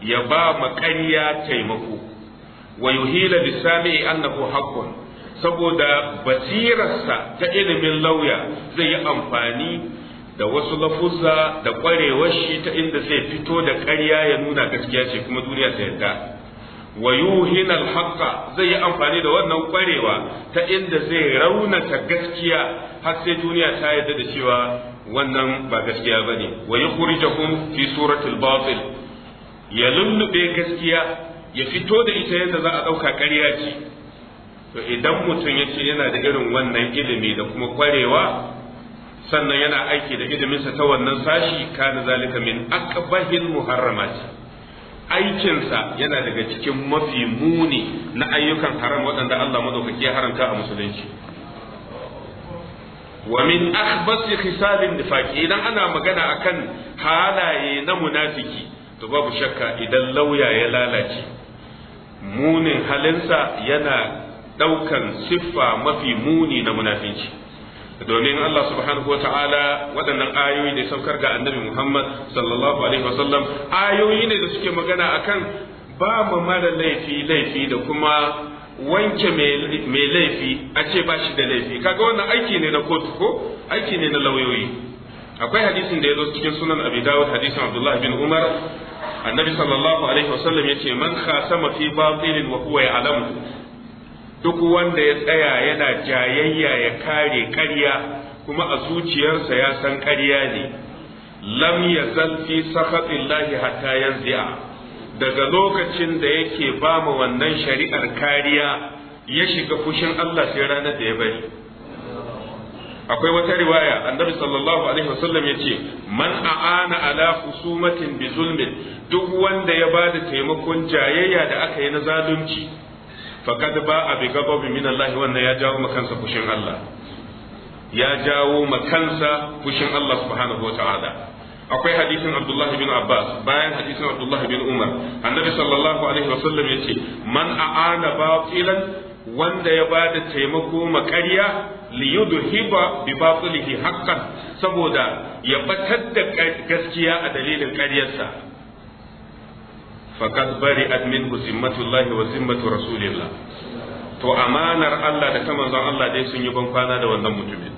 ya ba ma ƙarya taimako wa yuhila lisami'i annahu saboda basirarsa ta ilimin lauya zai yi amfani da wasu lafuzza da kwarewar shi ta inda zai fito da ƙarya ya nuna gaskiya ce kuma duniya ta yarda wa yuhina zai yi amfani da wannan kwarewa ta inda zai raunata gaskiya har sai duniya ta yarda da cewa wannan ba gaskiya bane wa yukhrijukum fi suratil batil ya lullube gaskiya ya fito da ita yadda za a ɗauka ƙarya ce to idan mutum ya ce yana da irin wannan ilimi da kuma kwarewa sannan yana aiki da iliminsa ta wannan sashi kana zalika min aqbahil muharramat aikinsa yana daga cikin mafi muni na ayyukan haram waɗanda Allah madaukaki ya haramta a musulunci wa min akhbasi khisalin nifaqi idan ana magana akan halaye na munafiki to babu shakka idan lauya ya lalace munin halinsa yana ɗaukan siffa mafi muni na munafici domin Allah subhanahu wata'ala waɗannan ayoyi da saukar ga annabi Muhammad sallallahu alaihi wasallam ayoyi ne da suke magana akan ba mu mara laifi laifi da kuma wanke mai laifi a ce ba shi da laifi kaga wannan aiki ne na kotu ko aiki ne na lauyoyi akwai hadisin da ya zo cikin sunan abi dawud hadisin abdullah bin umar annabi sallallahu alaihi wasallam yace man khasama fi batilin wa huwa ya'lamu duk wanda ya tsaya yana jayayya ya kare ƙarya kuma a zuciyarsa ya san ƙarya ne lam yazal fi sakhatillahi hatta yanzi'a daga lokacin da yake ba mu wannan shari'ar kariya ya shiga fushin Allah sai ranar da ya bari akwai wata riwaya annabi sallallahu alaihi wasallam yace man a'ana ala husumatin bi zulmin duk wanda ya bada taimakon jayayya da aka yi na zalunci faqad ba bi gababi min Allah wannan ya jawo makansa fushin Allah ya jawo makansa fushin Allah subhanahu wataala akwai hadisin Abdullah bin Abbas bayan hadisin Abdullah bin Umar annabi sallallahu alaihi wasallam yace man a'ana batilan wanda ya bada taimako makariya liyudhiba bi batilihi haqqan saboda ya batar da gaskiya a dalilin ƙaryarsa faqad bari'at minhu zimmatullahi wa zimmatu rasulillah to amanar Allah da ta manzon Allah dai sun yi bankwana da wannan mutumin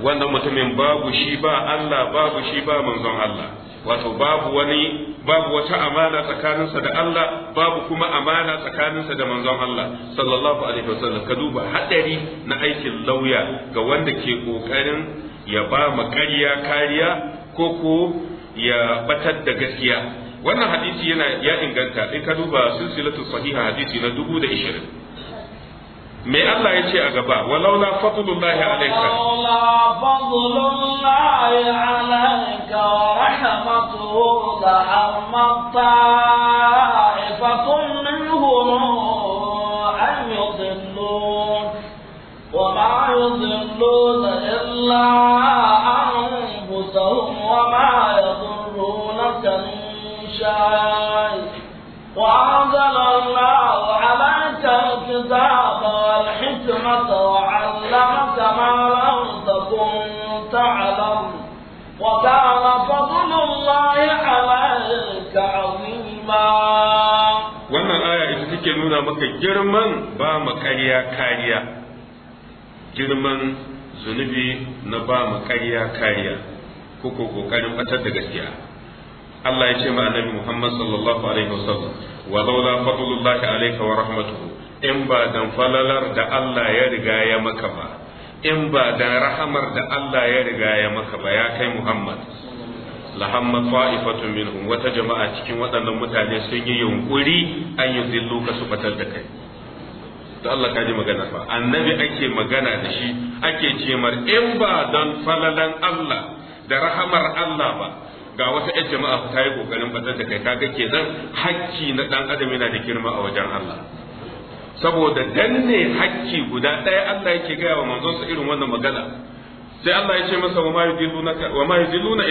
wannan mutumin babu shi ba Allah babu shi ba manzon Allah wato babu wani babu wata amana tsakaninsa da Allah babu kuma amana tsakaninsa da manzon Allah sallallahu alaihi wasallam ka duba hadari na aikin lauya ga wanda ke kokarin ya ba ma kariya kariya ko ko ya batar da gaskiya wannan hadisi yana ya inganta in ka duba silsilatu sahiha hadisi na dubu da ishirin me Allah ya ce a gaba walaula fadlullahi alayka walaula fadlullahi alayka wa rahmatuhu la amatta ifatun minhum an yudillun wa ma yudillun illa anfusahum wa ma yadurrunaka min شيء وأنزل الله عليك الكتاب والحكمة وعلمك ما لم تكن تعلم وكان فضل الله عليك عظيما wannan aya ita take nuna maka girman ba mu kariya kariya girman zunubi na ba mu kariya kariya ko kokarin batar da gaskiya Allah ya ce ma annabi Muhammad sallallahu alaihi wasallam wa laula fadlullahi alayka wa rahmatuhu in ba dan falalar da Allah ya riga ya maka ba in ba dan rahamar da Allah ya riga ya maka ba ya kai Muhammad lahamma fa'ifatun minhum wata jama'a cikin waɗannan mutane sun yi yunkuri an yi zillu ka su batar da kai To Allah ka ji magana fa annabi ake magana da shi ake cemar in ba dan falalan Allah da rahamar Allah ba ga wata yan jama'a ta yi kokarin fatar da kai kaga zan hakki na ɗan adam yana da girma a wajen Allah saboda danne hakki guda ɗaya Allah yake gaya wa manzon sa irin wannan magana sai Allah ya ce masa wa ma yudilluna wa ma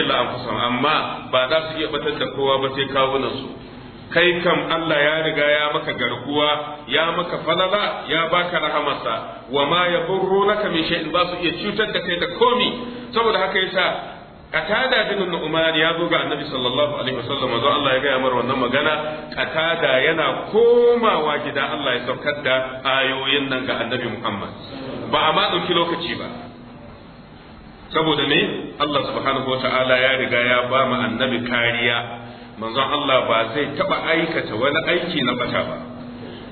illa anfusahum amma ba za su iya batar da kowa ba sai kawunan su kai kam Allah ya riga ya maka garkuwa ya maka falala ya baka rahamarsa wa ma naka min shay'in ba su iya cutar da kai da komi saboda haka yasa Katada bin Umar ya zo ga annabi sallallahu alaihi wasallam manzo Allah ya gaya mar wannan magana Katada yana komawa gida Allah ya saukar da ayoyin nan ga annabi Muhammad ba a ma dauki lokaci ba saboda ne Allah subhanahu wataala ya riga ya ba mu annabi kariya manzon Allah ba zai taba aikata wani aiki na bata ba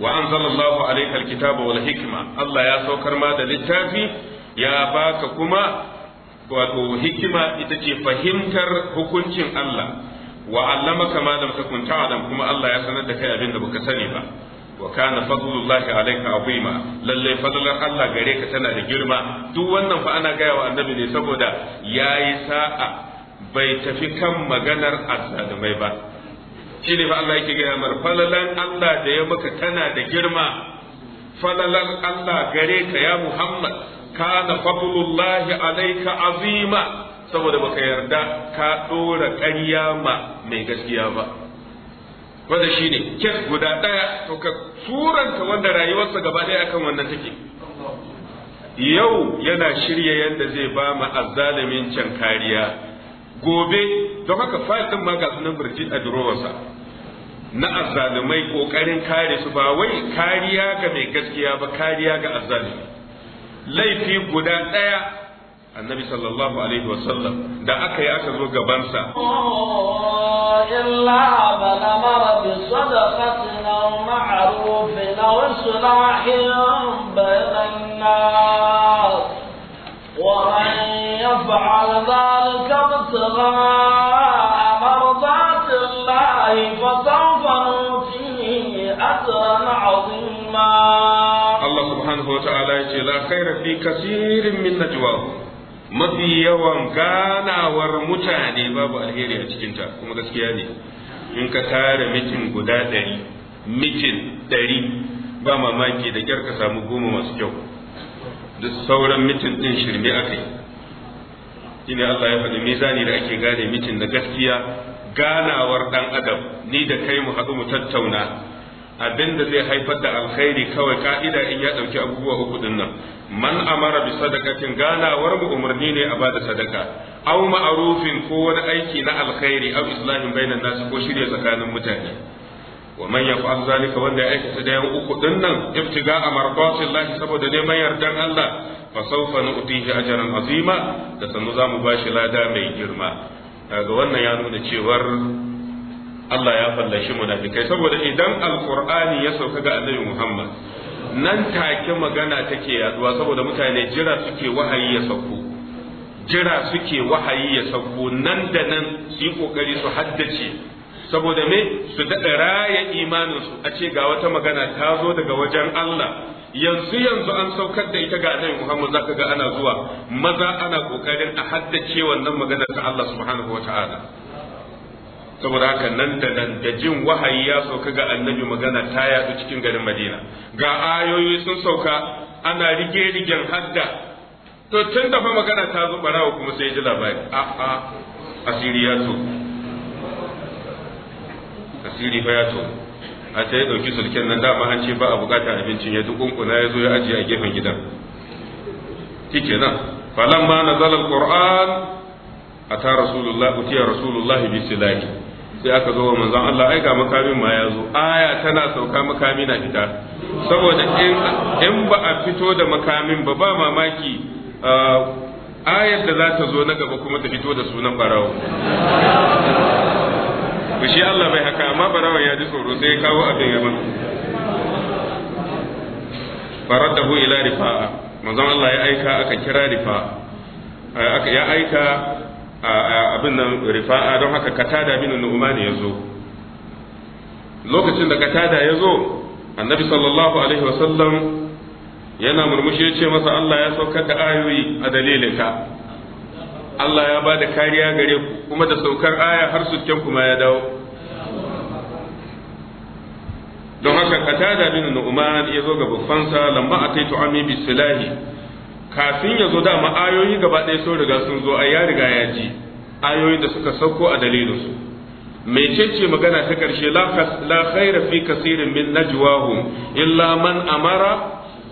wa anzalallahu alaikal kitaba wal hikma Allah ya saukar ma da littafi ya baka kuma wato hikima ita ce fahimtar hukuncin Allah wa allama kama da takun adam kuma Allah ya sanar da kai abin da baka sani ba wa kana fadlullahi alayka azima lalle fadlan Allah gare ka tana da girma duk wannan fa ana gaya wa annabi ne saboda yayi sa'a bai tafi kan maganar azzalumai ba shi ne fa Allah yake gaya mar Falalar Allah da ya maka tana da girma Falalar Allah gare ka ya Muhammad kana fadlullahi alayka azima saboda baka yarda ka dora ƙarya ma mai gaskiya ba wanda shine kes guda daya to ka suranta wanda rayuwarsa gaba daya akan wannan take yau yana shirya yadda zai ba mu azzalimin can kariya gobe don haka fatin ma ga sunan birji a durowarsa na azzalumai kokarin kare su ba wai kariya ga mai gaskiya ba kariya ga azzalimi laifi guda ɗaya annabi sallallahu alaihi wasallam da aka yi aka zo gabansa illa man amara bi sadaqatin aw ma'rufin aw islahin bainan nas wa man yaf'al dhalika ibtigha'a مرضات الله فسوف نؤتيه أجرا عظيما subhanahu wa ta'ala ya ce la khaira fi kasirin min najwahu mafi yawan ganawar mutane babu alheri a cikinta kuma gaskiya ne in ka tare mitin guda ɗari mitin ɗari ba mamaki da kyar ka samu goma masu kyau duk sauran mitin ɗin shirme aka yi Allah ya faɗi mizani da ake gane mitin da gaskiya ganawar ɗan adam ni da kai mu haɗu mu tattauna abin da zai haifar da alkhairi kawai ka'ida in ya ɗauki abubuwa uku din nan man amara bi sadakatin ganawar mu umarni ne a bada sadaka aw ma'rufin ko wani aiki na alkhairi aw islahin bainan nas ko shirye tsakanin mutane wa man yaf'al zalika wanda ya aikata da yan uku din nan ibtiga'a marqatillahi saboda neman yardan Allah fa sawfa nu'tihi ajran azima da sanu zamu bashi lada mai girma kaga wannan ya nuna cewar Allah ya fallashi munafikai saboda idan alqur'ani ya sauka ga annabi Muhammad nan take magana take yaduwa saboda mutane jira suke wahayi ya sauko jira suke wahayi ya sauko nan da nan su yi kokari su haddace saboda me su daɗa raya imaninsu a ce ga wata magana ta zo daga wajen Allah yanzu yanzu an saukar da ita ga annabi Muhammad zaka ga ana zuwa maza ana kokarin a haddace wannan magana ta Allah subhanahu wataala saboda haka nan da nan da jin wahayi ya sauka ga annabi magana ta yadu cikin garin madina ga ayoyi sun sauka ana rige rigen hadda to tun da fa magana ta zo barawa kuma sai ji labari a a asiri ya to asiri fa ya to a sai ya dauki sulken nan dama an ce ba a bukatar abincin ya dukunkuna ya zo ya ajiye a gefen gidan shikenan falamma nazala alquran ata rasulullah utiya rasulullah bi silahi sai aka zo wa manzon Allah ai ga makamin ma ya zo aya tana sauka makami na fita saboda in ba a fito da makamin ba ba mamaki uh, ayar da za ta zo na gaba kuma ta fito da sunan barawo to shi Allah bai haka amma barawo ya ji tsoro sai ya kawo abin ya mana faradahu ila rifa'a manzon Allah ya aika aka kira rifa'a ya aika abin nan rifa'a don haka katada bin nu'man ya zo lokacin da katada ya zo annabi sallallahu alaihi wasallam yana murmushi ya ce masa Allah ya saukar da ayoyi a dalilinka Allah ya ba da kariya gare ku kuma da saukar aya har sukken kuma ya dawo don haka katada bin nu'man ya zo ga buffansa lamma ataitu ami bisilahi kafin ya zo dama ayoyi gaba ɗaya sun riga sun zo ai ya riga ya ji ayoyin da suka sauko a dalilin su mecece magana ta ƙarshe la khaira fi kasirin min najwahum illa man amara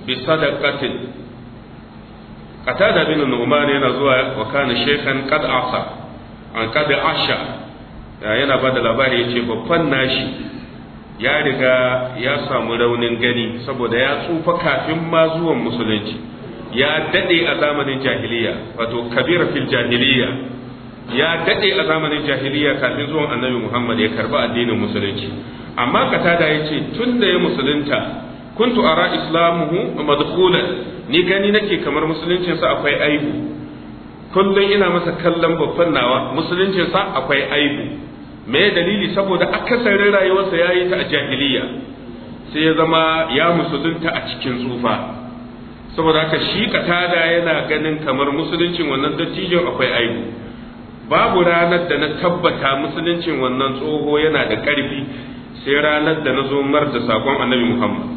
bi sadaqatin qatada bin nu'man yana zuwa wa kana shaykhan qad asa an qad asha yana bada labari yace babban nashi ya riga ya samu raunin gani saboda ya tsufa kafin ma zuwan musulunci ya daɗe a zamanin jahiliya wato kabira fil jahiliya ya daɗe a zamanin jahiliya kafin zuwan annabi Muhammad ya karba addinin musulunci amma katada yace tun da ya musulunta kuntu ara islamuhu madkhulan ni gani nake kamar musuluncin sa akwai aibu kullun ina masa kallon babban nawa musuluncin akwai aibu me dalili saboda akasarin rayuwarsa yayi ta a jahiliya sai ya zama ya musulunta a cikin tsufa saboda haka shi ka katada yana ganin kamar musuluncin wannan dattijo akwai aibu babu ranar da na tabbata musuluncin wannan tsoho yana da ƙarfi sai ranar da na zo mar da sakon annabi muhammad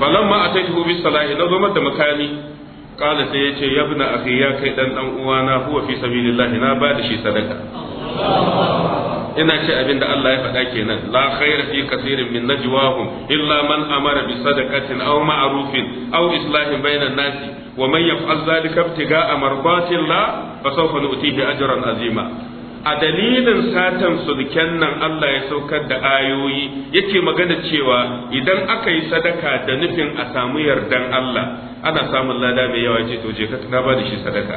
balan ma a ta ihu salahi na zo mar da makami kala sai ya ce ya bi na ya kai dan dan uwana huwa fi sabilillahi na ba da shi sadaka ina ce abin da Allah ya faɗa kenan la khaira fi kaseerin min najwahum illa man amara bi sadaqatin aw ma'rufin aw islahin bainan nasi wa man yaf'al dhalika ibtigaa marbati Allah fa sawfa nu'tihi ajran azima a dalilin satan sulken nan Allah ya saukar da ayoyi yake magana cewa idan aka yi sadaka da nufin a samu yardan Allah ana samun lada mai yawa ce to je ka na bada shi sadaka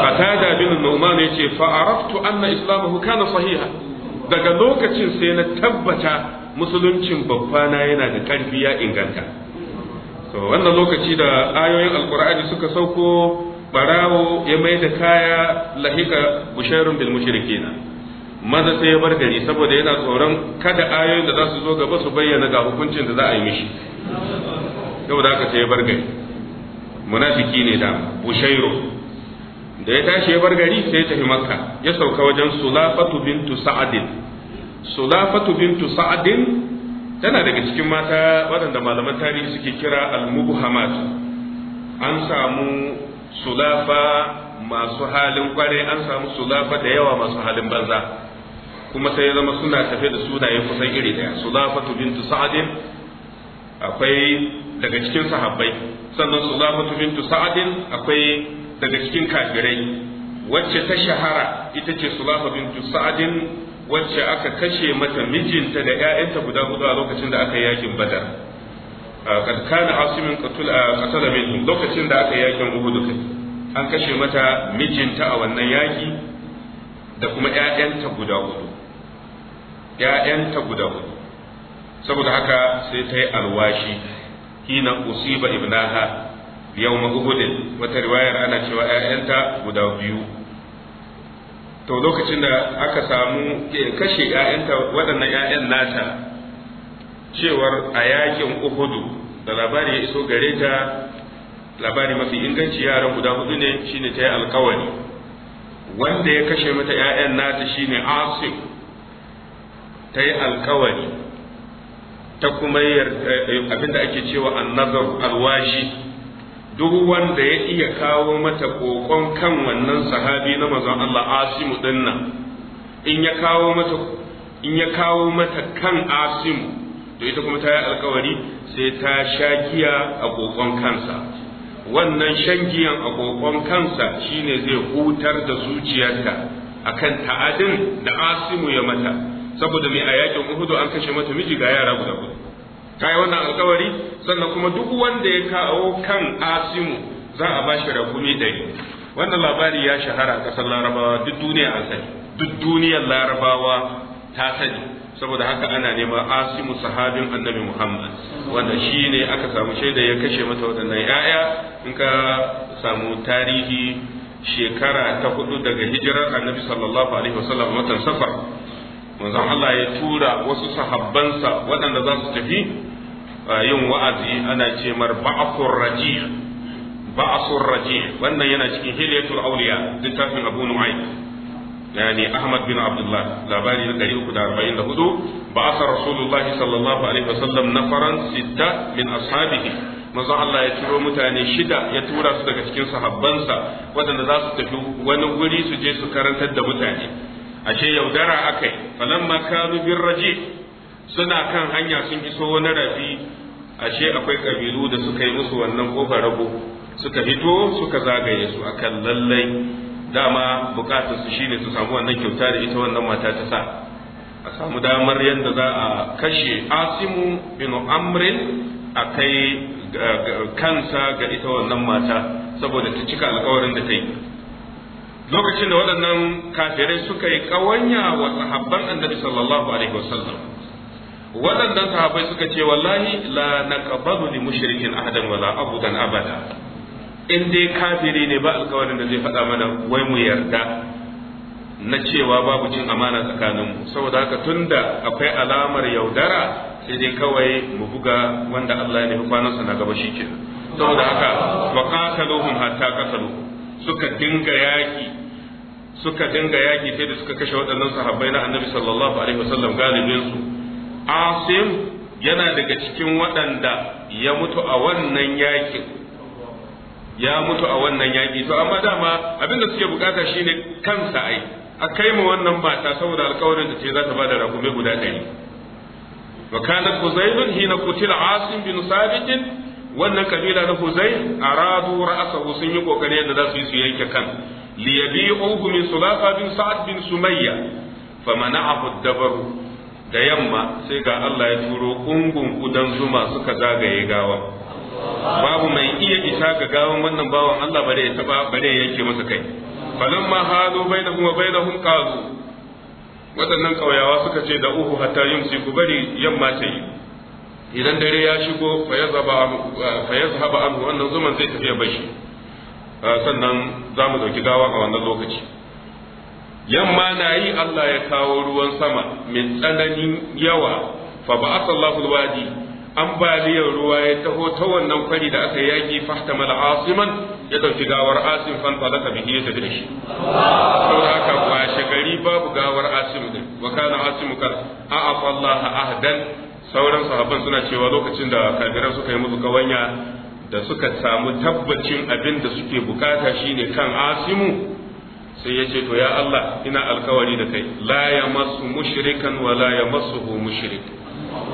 A tada bin nu'man yace fa araftu anna islamahu kana sahiha daga lokacin sai na tabbata musuluncin babba na yana da karfi ya inganta to wannan lokaci da ayoyin alqur'ani suka sauko barawo ya mai da kaya lahika bushairun bil mushrikin maza sai ya bar gari saboda yana tsoron kada ayoyin da za su zo gaba su bayyana ga hukuncin da za a yi mishi saboda haka sai ya bar gari munafiki ne da bushairu da ya tashi ya bar gari sai ya tafi makka ya sauka wajen sulafatu bintu sa'adin sulafatu bintu sa'adin tana daga cikin mata waɗanda malaman tarihi suke kira al-mubhamat an samu sulafa masu halin kwarai an samu sulafa da yawa masu halin banza kuma sai ya zama suna tafe da sunaye kusan iri daya sulafatu bintu sa'adin akwai daga cikin sahabbai sannan sulafatu bintu sa'adin akwai daga cikin kafirai wacce ta shahara ita ce sulafa bintu sa'adin wacce aka kashe mata mijinta da 'ya'yanta guda guda lokacin da aka yi yakin badar kad kana asimin qatala min lokacin da aka yakin Uhud kai an kashe mata mijinta a wannan yaki da kuma ƴaƴanta guda hudu ƴaƴanta guda hudu saboda haka sai ta yi alwashi hina usiba ibnaha yawma Uhud wata riwayar ana cewa ƴaƴanta guda biyu to lokacin da aka samu kashe ƴaƴanta waɗannan ƴaƴan nata cewar a yakin uhudu da labari ya iso gare ta labari mafi inganci yaran guda hudu ne shine ta yi alkawari wanda ya kashe mata 'ya'yan nata shine asif ta yi alkawari ta kuma eh, eh, abinda ake cewa annazar alwashi duk wanda ya iya kawo mata kokon kan wannan sahabi na mazan Allah asimu dinnan in ya kawo mata in ya kawo mata kan asimu to ita kuma ta yi alkawari sai ta sha giya a kokon kansa wannan shan giyan a kokon kansa shine zai hutar da zuciyarta akan ta'adin da asimu ya mata saboda mai a yakin uhudu an kashe mata miji ga yara guda guda ta yi wannan alkawari sannan kuma duk wanda ya kawo kan asimu za a ba shi rakumi ɗari wannan labari ya shahara a ƙasar larabawa duk duniya an sani duk duniyar larabawa ta sani saboda haka ana nema asimu sahabin annabi muhammad wanda shi ne aka samu shaida ya kashe mata waɗannan ya'ya in ka samu tarihi shekara ta hudu daga hijirar annabi sallallahu alaihi wasallam watan safar manzon Allah ya tura wasu sahabbansa waɗanda za su tafi yin wa'azi ana ce mar ba'akur raji' ba'asur wannan yana cikin hilyatul awliya littafin abu nu'aym يعني أحمد بن عبد الله لاباني لقريب كده أربعين لهدو بعث رسول الله صلى الله عليه وسلم نفرا ستة من أصحابه manzo Allah ya turo mutane shida ya tura su daga cikin sahabbansa waɗanda za su tafi wani guri su je su karantar da mutane ashe yaudara akai falamma kanu raje suna kan hanya sun iso wani rafi ashe akwai kabilu da suka yi musu wannan kofar rago suka fito suka zagaye su akan lallai dama bukatar su shine su samu wannan kyauta da ita wannan mata ta sa a samu damar yadda za a kashe asimu bin amrin a kai kansa ga ita wannan mata saboda ta cika alkawarin da ta yi lokacin da waɗannan kafirai suka yi ƙawanya wa sahabban annabi sallallahu alaihi wasallam waɗannan sahabbai suka ce wallahi la naqbalu li mushrikin ahadan wala abudan abada in dai kafiri ne ba alkawarin da zai faɗa mana wai mu yarda na cewa babu cin amana tsakaninmu saboda haka tunda akwai alamar yaudara sai dai kawai mu buga wanda Allah ya nufi kwanansa na gaba shike saboda haka wa hatta suka dinga yaki suka dinga yaki sai da suka kashe waɗannan sahabbai na Annabi sallallahu alaihi wasallam galibin su Asim yana daga cikin waɗanda ya mutu a wannan yakin ya mutu a wannan yaƙi to amma dama abinda suke bukata shine kansa ai a kai mu wannan mata saboda alƙawarin da ce za ta bada rakume guda ɗari wa kana huzailun hina kutila asim bin sabit wannan kabila na huzai aradu ra'asahu sun yi kokari yadda za su yi su yanke kan liyabi'uhu min sulafa bin sa'ad bin sumayya famana'ahu dabaru da yamma sai ga Allah ya turo kungun kudan zuma suka zagaye gawa babu mai iya isa ga gawan wannan bawan Allah bare ya taba bare ya masa kai falamma halu bainahum wa bainahum qalu wadannan ƙauyawa suka ce da uhu hatta yumsi ku bari yamma ta yi idan dare ya shigo fa yazhaba anhu wannan zuman zai tafi ya bashi ah, sannan za mu ɗauki gawa a wannan lokaci yamma na yi Allah ya kawo ruwan sama mai tsananin yawa fa ba'atha alwadi ambaliyar ruwa ya taho ta wannan kwari da aka yaki fahtamala asiman ya ɗauki gawar asim fan talaka bihi ya tafi da shi saboda haka washe gari babu gawar asim din wa kana asimu kar a afallaha ahdan sauran sahabban suna cewa lokacin da kafiran suka yi musu kawanya da suka samu tabbacin abin da suke bukata shine kan asimu sai ya ce to ya Allah ina alkawari da kai la yamassu mushrikan wa la yamassuhu mushrik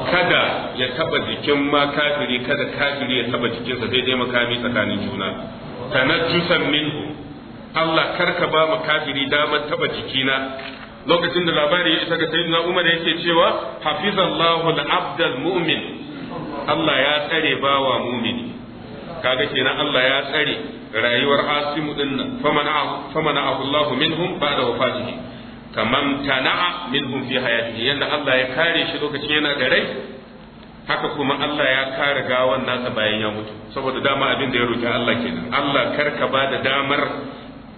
kada ya taba jikin ma kafiri kada kafiri ya taba jikinsa sai dai makami tsakanin juna tanajjusan minhu Allah karka ba mu kafiri damar taba jikina lokacin da labari ya isa ga sayyidina Umar yake cewa hafizallahu al-abdal mu'min Allah ya tsare bawa mu'mini kaga kenan Allah ya tsare rayuwar Asimu dinnan famana famana Allahu minhum ba'da wafatihi kaman tana'a minhum fi hayatihi yanda Allah ya kare shi lokacin yana da rai haka kuma Allah ya kare gawan nasa bayan ya mutu saboda dama abin da ya roki Allah kenan Allah kar ka ba da damar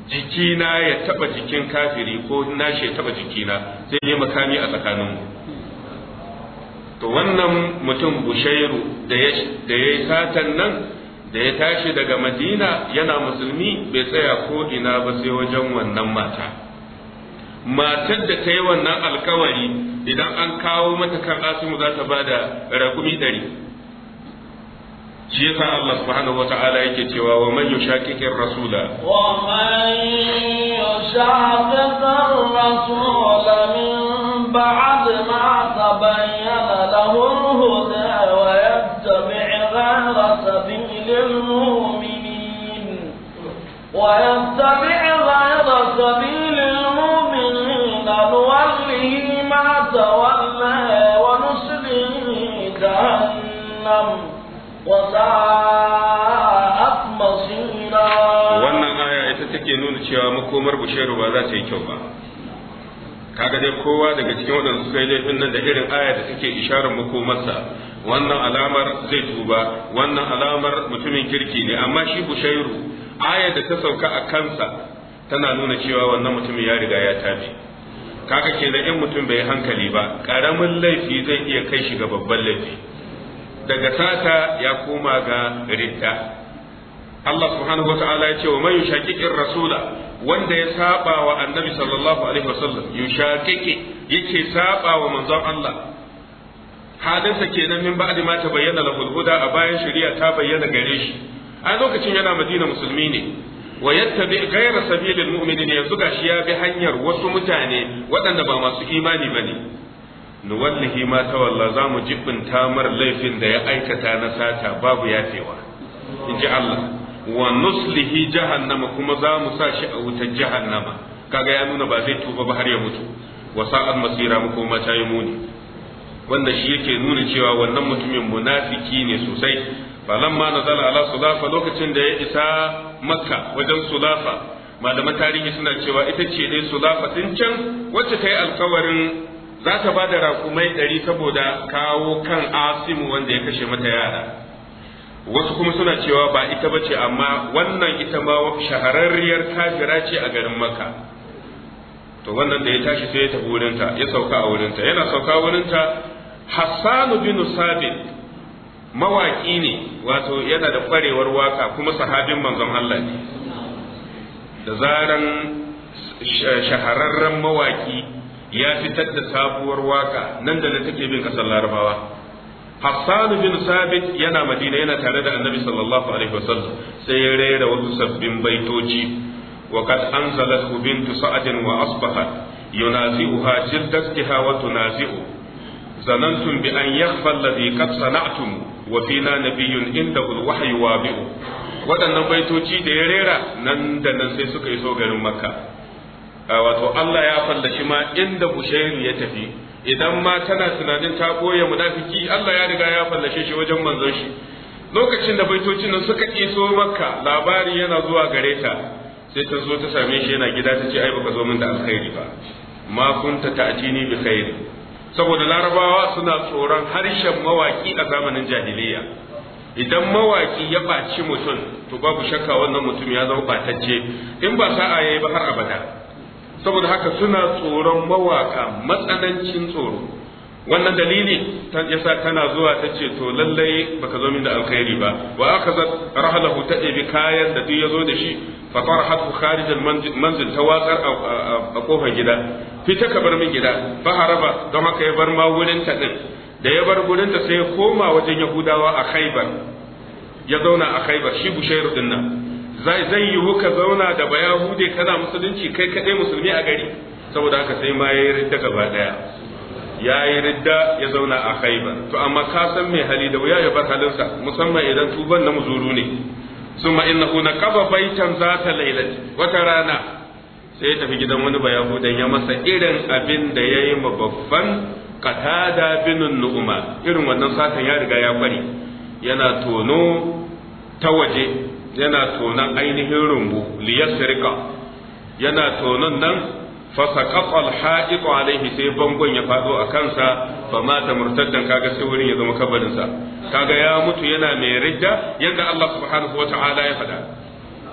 jikina ya taba jikin kafiri ko nashi ya taba jikina sai ne makami a tsakanin mu to wannan mutum bushairu da ya da satan nan da ya tashi daga madina yana musulmi bai tsaya ko ina ba sai wajen wannan mata matar da ta yi wannan alkawari idan an kawo mata kan asimu za ta bada rakumi ɗari shi yasa Allah subhanahu wa ta'ala yake cewa wa man yushaqiqir rasula wa man yushaqiqir rasula min ba'd ma tabayyana lahu al-huda wa yattabi' ghayra al mu'minin wa yattabi' ghayra sabilil وتولى ونصلي wannan aya ita take nuna cewa makomar Busheru ba za ta yi kyau ba kaga dai kowa daga cikin waɗanda suka yi laifin nan da irin aya da take isharar makomarsa wannan alamar zai tuba wannan alamar mutumin kirki ne amma shi Bushairu aya da ta sauka a kansa tana nuna cewa wannan mutumin ya riga ya tafi. kaga kenan in mutum bai hankali ba karamin laifi zai iya kai shi ga babban laifi daga sata ya koma ga ridda Allah subhanahu wata'ala ya ce wa man yushaqiqir rasula wanda ya saba wa annabi sallallahu alaihi wasallam yushaqiqi yake saba wa manzon Allah halinsa kenan min ba'di ma ta bayyana lahul huda a bayan shari'a ta bayyana gare shi a lokacin yana madina musulmi ne wa yattabi ghayra sabilil mu'minin yanzu gashi ya bi hanyar wasu mutane waɗanda ba masu imani bane wallahi ma tawalla za mu jibbinta mar laifin da ya aikata na sata babu yafewa in ji Allah wa nuslihi jahannama kuma za mu sa shi a wutar jahannama kaga ya nuna ba zai tuba ba har ya mutu wa sa'an masira mu kuma ta yi muni wanda shi yake nuna cewa wannan mutumin munafiki ne sosai falamma nazala ala sulafa lokacin da ya isa makka wajen sulafa malaman tarihi suna cewa ita ce dai sulafa din can wacce ta yi alkawarin za ta ba da rakumai ɗari saboda kawo kan asimu wanda ya kashe mata yara wasu kuma suna cewa ba ita ba ce amma wannan ita ma shahararriyar kafira ce a garin makka to wannan da ya tashi sai ya tafi wurinta ya sauka a wurinta yana sauka wurinta hassanu bin sabit mawaki ne wato yana da kwarewar waka kuma sahabin manzon Allah ne da zaran shahararren mawaki ya fitar da sabuwar waka nan da na take bin kasar larabawa Hassan bin Sabit yana Madina yana tare da Annabi sallallahu alaihi wasallam sai ya rera wasu sabbin baitoci wa kad anzalat bintu sa'd wa asbahat yunazi'uha jiddatiha wa tunazi'u zanantum bi an yakhfa alladhi qad sana'tum wa fina nabiyyun inda alwahyu waɗannan baitoci da ya rera nan da nan sai suka iso garin makka wato Allah ya fallashi ma inda Bushairu ya tafi idan ma tana tunanin ta koya mudafiki Allah ya riga ya fallashe shi wajen manzon shi lokacin da baitocin nan suka iso makka labari yana zuwa gare ta sai ta zo ta same shi yana gida ta ce ai baka zo min da alkhairi ba ma kunta ta'tini bi khairi saboda larabawa suna tsoron harshen mawaki a zamanin jahiliya idan mawaki ya ɓaci mutum to babu shakka wannan mutum ya zama ɓatacce in ba sa'a yayi ba har abada saboda haka suna tsoron mawaka matsanancin tsoro wannan dalili yasa tana zuwa ta ce to lallai baka zo min da alkhairi ba wa akhazat rahlahu ta ɗebi kayan da duk ya zo da shi fa tarhatu kharij manzil ta wakar a kofar gida fita ka bar min gida fa haraba don haka ya bar ma wurin ta din da ya bar gurin ta sai ya koma wajen yahudawa a khaibar ya zauna a khaibar shi bushairu din nan zai yiwu ka zauna da bayahude kana musulunci kai kadai musulmi a gari saboda haka sai ma ya yi gaba daya ya yi ridda ya zauna a khaibar to amma ka san mai hali da wuya ya bar halinsa musamman idan tuban na muzuru ne summa innahu naqaba baitan zata lailaci wata rana sai ya tafi gidan wani bayahudan ya masa irin abin da ya yi ma babban qatada bin nu'ma irin wannan satan ya riga ya bari yana tono ta waje yana tonon ainihin rumbu liyasrika yana tonon nan فسقط الحائط عليه sai bangon ya faɗo a kansa fa mata murtaddan kaga sai ya zama kabarinsa. kaga ya mutu yana mai ridda yadda Allah subhanahu wataala ya faɗa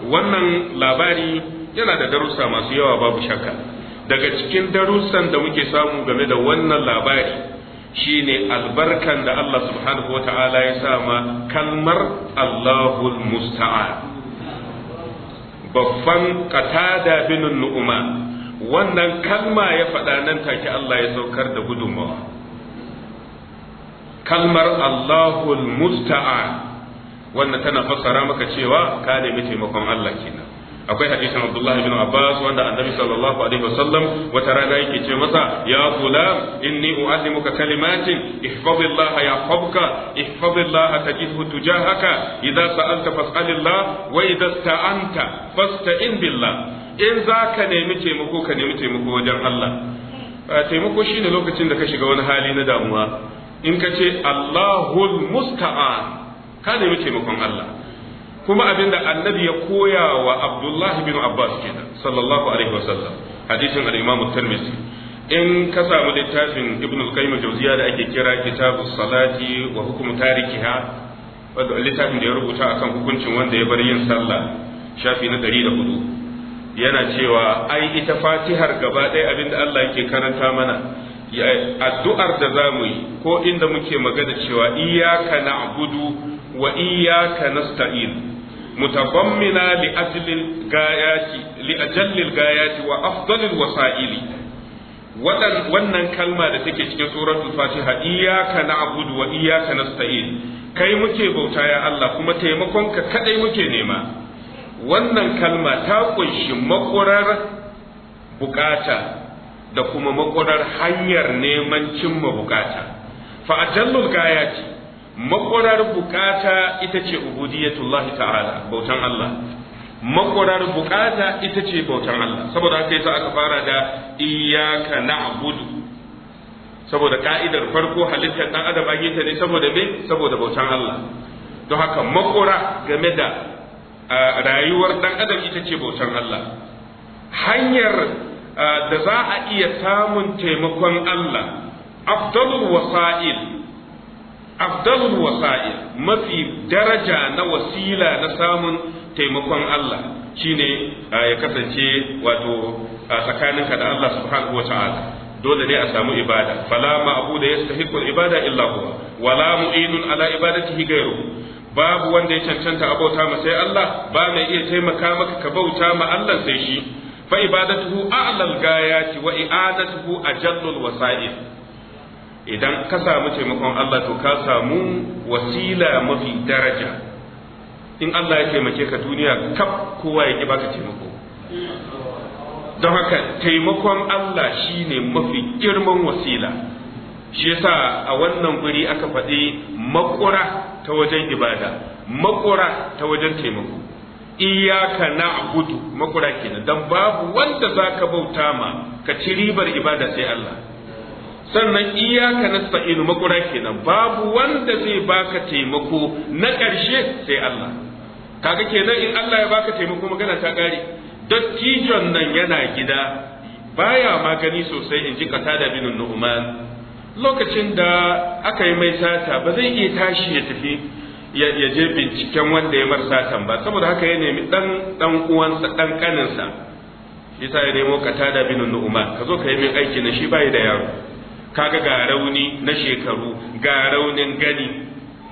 wannan labari yana da darussa masu yawa babu shakka daga cikin darussan da muke samu game da wannan labari shine albarkan da Allah subhanahu wataala ya sa ma kalmar Allahul musta'an babban qatada bin nu'man wannan kalma ya faɗa nan take Allah ya saukar da gudunmawa kalmar Allahul musta'an wannan tana fassara maka cewa ka nemi taimakon Allah kenan akwai hadisin Abdullah ibn Abbas wanda annabi sallallahu alaihi wasallam wata rana yake ce masa ya gulam inni uallimuka kalimatin ihfazillaha yahfazka ihfazillaha tajidhu tujahaka idza sa'alta fas'alillah wa idza sta'anta fasta'in billah in za ka nemi taimako ka nemi taimako wajen Allah taimako shine lokacin da ka shiga wani hali na damuwa in ka ce Allahul musta'an ka nemi taimakon Allah kuma abinda annabi ya koya wa Abdullahi bin Abbas kenan sallallahu alaihi wasallam hadisin al-Imam Tirmidhi in ka samu littafin Ibn al-Qayyim al-Jawziya da ake kira kitabu Salati wa Hukm Tarikiha wanda littafin da ya rubuta akan hukuncin wanda ya bar yin sallah shafi na 104 yana cewa ai ita fatihar gaba ɗaya abinda Allah yake karanta mana addu'ar da za mu yi ko inda muke magana cewa iyaka na'budu wa iyaka nasta'in mutabammina li gayati li wa afdalil wasa'ili wannan kalma da take cikin suratul fatiha iyaka na'budu wa iyaka nasta'in kai muke bauta ya Allah kuma taimakon ka kadai muke nema wannan kalma ta kunshi makurar bukata da kuma makurar hanyar neman cimma bukata fa ajallul gayati makurar bukata ita ce ubudiyatullahi ta'ala bautan Allah makurar bukata ita ce bautan Allah saboda haka yasa aka fara da iyyaka na'budu saboda ka'idar farko halittar dan adam an yi ta ne saboda me saboda bautan Allah don haka makura game da rayuwar dan adam ita ce bautar Allah hanyar da za a iya samun taimakon Allah afdalul wasa'il afdalul wasa'il mafi daraja na wasila na samun taimakon Allah shine ya kasance wato tsakaninka da Allah subhanahu wata'ala dole ne a samu ibada fala abuda yastahiqul ibada illa huwa wala mu'inun ala ibadatihi ghayru babu wanda ya cancanta abauta ma sai Allah ba mai iya taimaka maka ka bauta ma Allah sai shi fa ibadatuhu a'lal gayati wa i'adatuhu ajallul wasa'il idan ka samu taimakon Allah to ka samu wasila mafi daraja in Allah ya taimake ka duniya kaf kowa ya ki baka taimako don haka taimakon Allah shine mafi girman wasila shi yasa a wannan guri aka faɗi makura ta wajen ibada makura ta wajen taimako iyaka na'budu makura kenan dan babu wanda zaka bauta ma ka ci ribar ibada sai Allah sannan iyaka nasta'inu makura kenan babu wanda zai baka taimako na ƙarshe sai Allah kaga kenan in Allah ya baka taimako magana ta ƙare dattijon nan yana gida baya magani sosai in ji kata da binin nu'man lokacin da aka yi mai sata ba zai iya tashi ya tafi ya je binciken wanda ya mar satan ba saboda haka ya nemi dan dan uwansa dan kaninsa shi ya nemo katada bin nu'ma ka zo ka yi min aiki na shi bai da yaro kaga ga rauni na shekaru ga raunin gani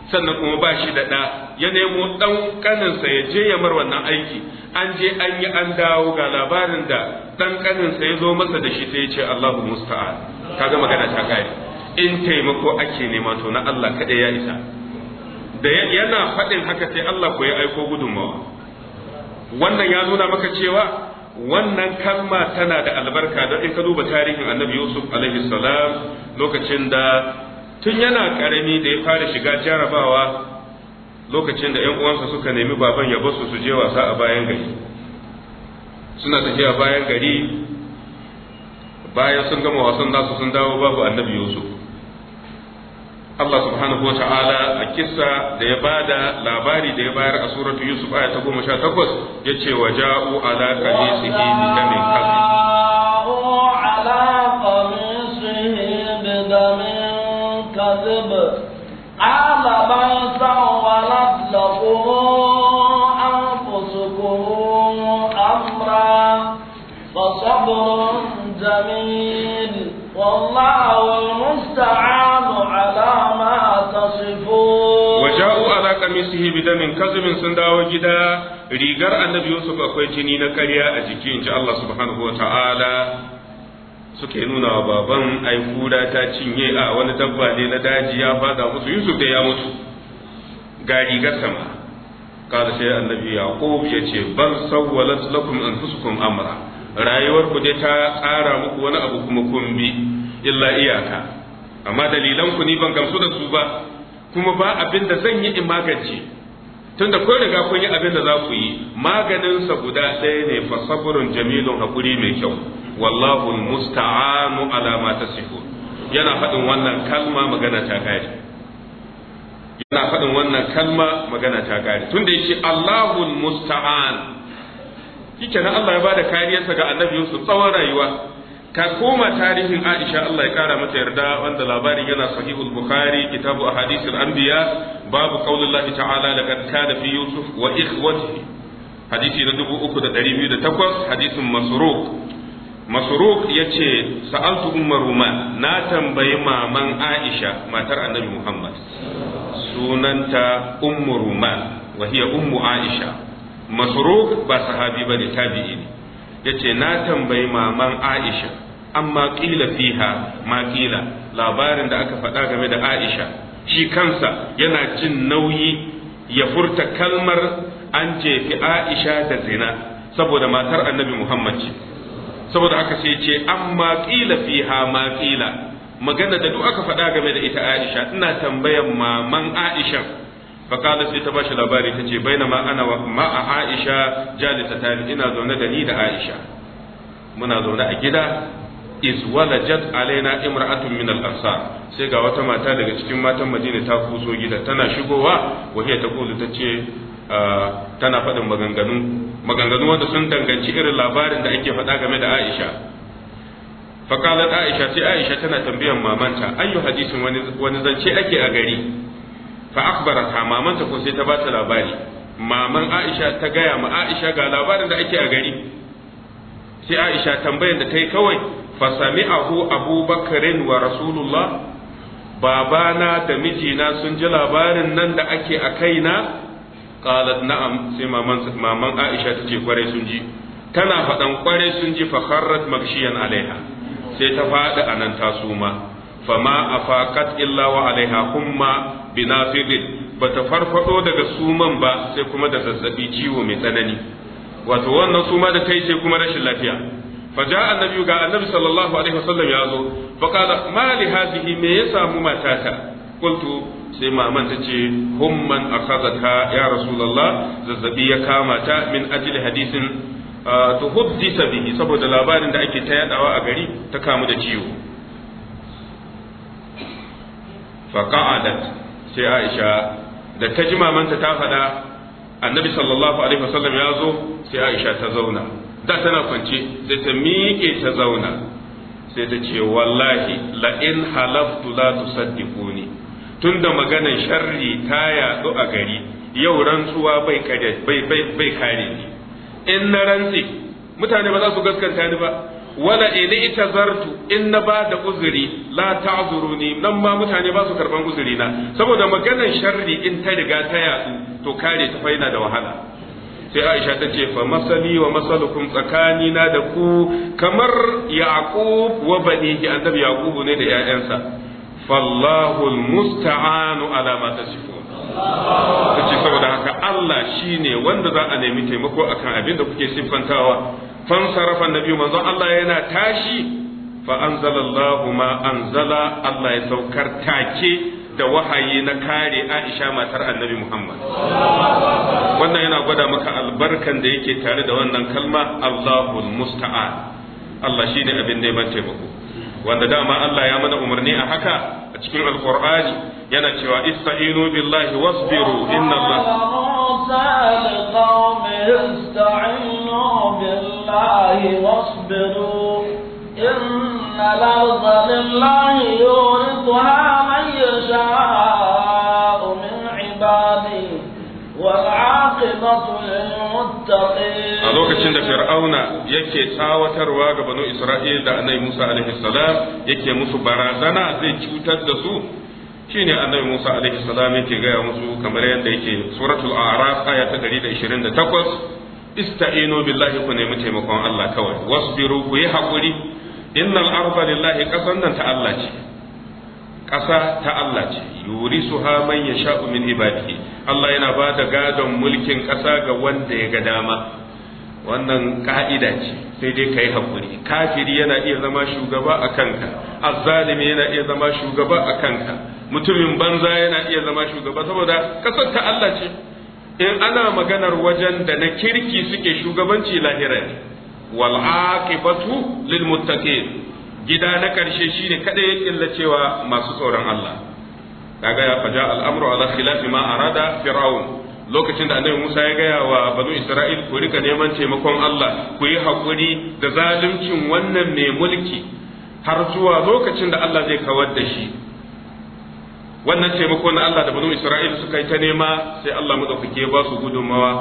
sannan kuma ba shi da ɗa ya nemo ɗan kaninsa ya je ya mar wannan aiki an je an yi an dawo ga labarin da ɗan kaninsa ya zo masa da shi sai ya ce Allahu musta'an kaga magana ta kai in taimako ake nema to na Allah kaɗai ya isa da yana faɗin haka sai Allah ko ya aiko gudunmawa wannan ya nuna maka cewa wannan kalma tana da albarka don in ka duba tarihin annabi yusuf alaihi salam lokacin da tun yana karami da ya fara shiga jarabawa lokacin da yan uwansa suka nemi baban ya basu su je wasa a bayan gari suna tafiya bayan gari bayan sun gama wasan nasu sun dawo babu annabi yusuf Allah subhanahu wa ta'ala a kissa da ya bada labari da ya bayar a suratu Yusuf aya ta goma sha takwas ya ce wa ja'u ala qamisihi bi damin kadhib ala man sawalat lahu anfusukum amra fasabrun jamil wallahu al-musta'an qamisihi bidamin kazumin sun dawo gida rigar annabi Yusuf akwai jini na ƙarya a jiki inji Allah subhanahu wataala suke nuna wa baban ai kura ta cinye a wani dabba ne na daji ya fada musu Yusuf da ya mutu ga rigar sama kada sai annabi Yaqub ya ce bal sawwalat lakum anfusukum amra rayuwar ku dai ta tsara muku wani abu kuma kun bi illa iyaka amma dalilan ku ni ban gamsu da su ba kuma ba abin da zan yi in magance tunda ko riga kun yi abin da za ku yi maganin sa guda ɗaya ne fa sabrun jamilun hakuri mai kyau wallahu musta'anu ala ma tasifu yana faɗin wannan kalma magana ta gari yana faɗin wannan kalma magana ta kare tunda yake Allahu musta'an kike na Allah ya bada kariyarsa ga Annabi Yusuf tsawon rayuwa ka koma tarihin Aisha Allah ya kara mata yarda wanda labarin yana sahihul Bukhari kitabu ahadithul anbiya babu qaulullahi ta'ala laqad kana fi yusuf wa ikhwatihi hadisi na 3208 hadisin masruq masruq yace sa'altu umma ruman na tambayi maman Aisha matar Annabi Muhammad sunanta ummu ruman wa hiya ummu Aisha masruq ba sahabi bane tabi'i ne yace na tambayi maman Aisha amma qila fiha ma qila labarin da aka faɗa game da Aisha shi kansa yana jin nauyi ya furta kalmar an jefi Aisha da zina saboda matar Annabi Muhammad ce saboda aka sai ce amma qila fiha ma qila magana da duk aka faɗa game da ita Aisha ina tambayan maman Aisha fakala sai ta ba shi labari ta ce bai ma ana a aisha jalisa tari ina zaune da ni da aisha muna zaune a gida iz walajat alaina imra'atun min al-ansar sai ga wata mata daga cikin matan madina ta kuso gida tana shigowa ta hiya ta tace ah, tana faɗin maganganu maganganu wanda sun danganci irin labarin da ake faɗa game da Aisha faqalat Aisha sai Aisha tana tambayan mamanta ayyu hadisin wani zance ake a gari fa akhbarata mamanta ko sai ta ba ta labari maman Aisha ta gaya ma Aisha ga labarin da ake a gari sai Aisha tambayar da ta kawai fa sami'ahu Abubakarin wa Rasulullah babana da mijina sun ji labarin nan da ake a kaina qalat na'am sai maman maman Aisha ta ce kwarai sun ji tana faɗan kwarai sun ji fa kharrat magshiyan alaiha sai ta faɗi anan ta suma fama afaqat illa wa alaiha humma binafidin bata farfado daga suman ba sai kuma da zazzabi ciwo mai tsanani wato wannan suma da kai ce kuma rashin lafiya فجاء النبي قال النبي صلى الله عليه وسلم يا زو فقال ما me ya samu matata. قلت sai maman ta ce humman akhadha ya rasulullah zazzabi ya kama ta min ajli hadisin ah, tuhaddisa bihi saboda labarin da ake ta yadawa a gari ta kamu da ciwo faqa'adat sai Aisha da ta ji mamanta ta faɗa annabi sallallahu alaihi wasallam ya zo sai Aisha ta zauna da tana kwance sai ta miƙe ta zauna sai ta ce wallahi la in halaftu la tusaddiquni tunda maganan sharri ta yaɗu a gari yau rantsuwa bai kare bai bai bai kare ni in na rantsi mutane ba za su gaskanta ni ba wala in itazartu in na ba da uzuri la ta'zuruni nan ma mutane ba su karban uzuri na saboda maganar sharri in ta riga ta yatsu to kare ta faina da wahala sai Aisha ta ce fa masali wa masalukum tsakani na da ku kamar Yaqub wa banihi annabi Yaqub ne da ƴaƴansa fallahu almusta'anu ala ma tasifun ce saboda haka Allah shine wanda za a nemi taimako akan abin da kuke siffantawa fansarafa nabi manzon Allah yana tashi fa anzalallahu ma anzala Allah ya saukar take da wahayi na kare Aisha matar Annabi Muhammad wannan yana gwada maka albarkan da yake tare da wannan kalma Allahul musta'an Allah shine abin neman taimako wanda dama Allah ya mana umarni a haka a cikin al-Qur'ani, yana cewa ista'inu billahi wasbiru inna Allah موسى لقومه استعينوا بالله واصبروا إن الأرض لله يورثها من يشاء من عباده والعاقبة للمتقين a lokacin da fir'auna yake tsawatarwa ga banu isra'il da annabi musa alaihi salam yake musu barazana zai cutar da su Shi ne annabi Musa alaihi salam yake gaya musu kamar yadda yake suratul a'raf aya ta 128 ista'inu billahi ku nemi taimakon Allah kawai wasbiru ku yi hakuri innal arda lillahi kasan nan ta Allah ce ƙasa ta Allah ce yurisuha man yasha'u min ibadihi Allah yana ba da gadon mulkin ƙasa ga wanda ya ga dama wannan ka'ida ce sai dai kai hakuri kafiri yana iya zama shugaba a kanka azzalimi yana iya zama shugaba a kanka mutumin banza yana iya zama shugaba saboda kasar ta Allah ce in ana maganar wajen da na kirki suke shugabanci lahira ne wal aqibatu lil muttaqin gida na karshe shine kada ya killacewa masu tsoron Allah kaga ya faja al-amru ala khilafi ma arada fir'aun lokacin da annabi Musa ya gaya wa banu Isra'il ku rika neman taimakon Allah ku yi haƙuri da zaluncin wannan mai mulki har zuwa lokacin da Allah zai kawar da shi wannan taimako na Allah da banu Isra'il suka yi ta nema sai Allah madaukake ba su gudunmawa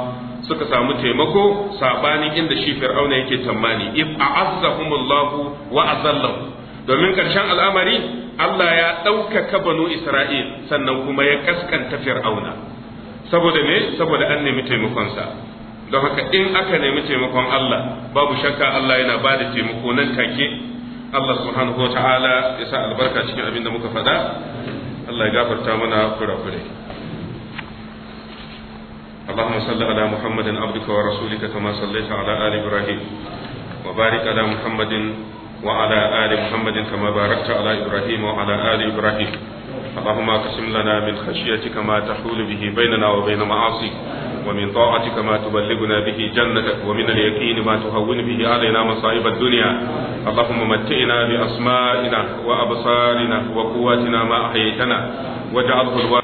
suka samu taimako sabanin inda shi Fir'auna yake tamani if a'azzahumullahu wa azallahu domin ƙarshen al'amari Allah ya ɗaukaka banu Isra'il sannan kuma ya kaskanta Fir'auna saboda me saboda an nemi taimakonsa don haka in aka nemi taimakon Allah babu shakka Allah yana ba da taimako nan take Allah subhanahu wa ta'ala ya sa albarka cikin abin da muka faɗa Allah ya gafarta mana kurakurai اللهم صل على محمد عبدك ورسولك كما صليت على آل إبراهيم وبارك على محمد وعلى آل محمد كما باركت على إبراهيم وعلى آل إبراهيم اللهم اقسم لنا من خشيتك ما تحول به بيننا وبين معاصيك ومن طاعتك ما تبلغنا به جنتك ومن اليقين ما تهون به علينا مصائب الدنيا اللهم متئنا بأسمائنا وأبصارنا وقواتنا ما أحييتنا واجعله الوارث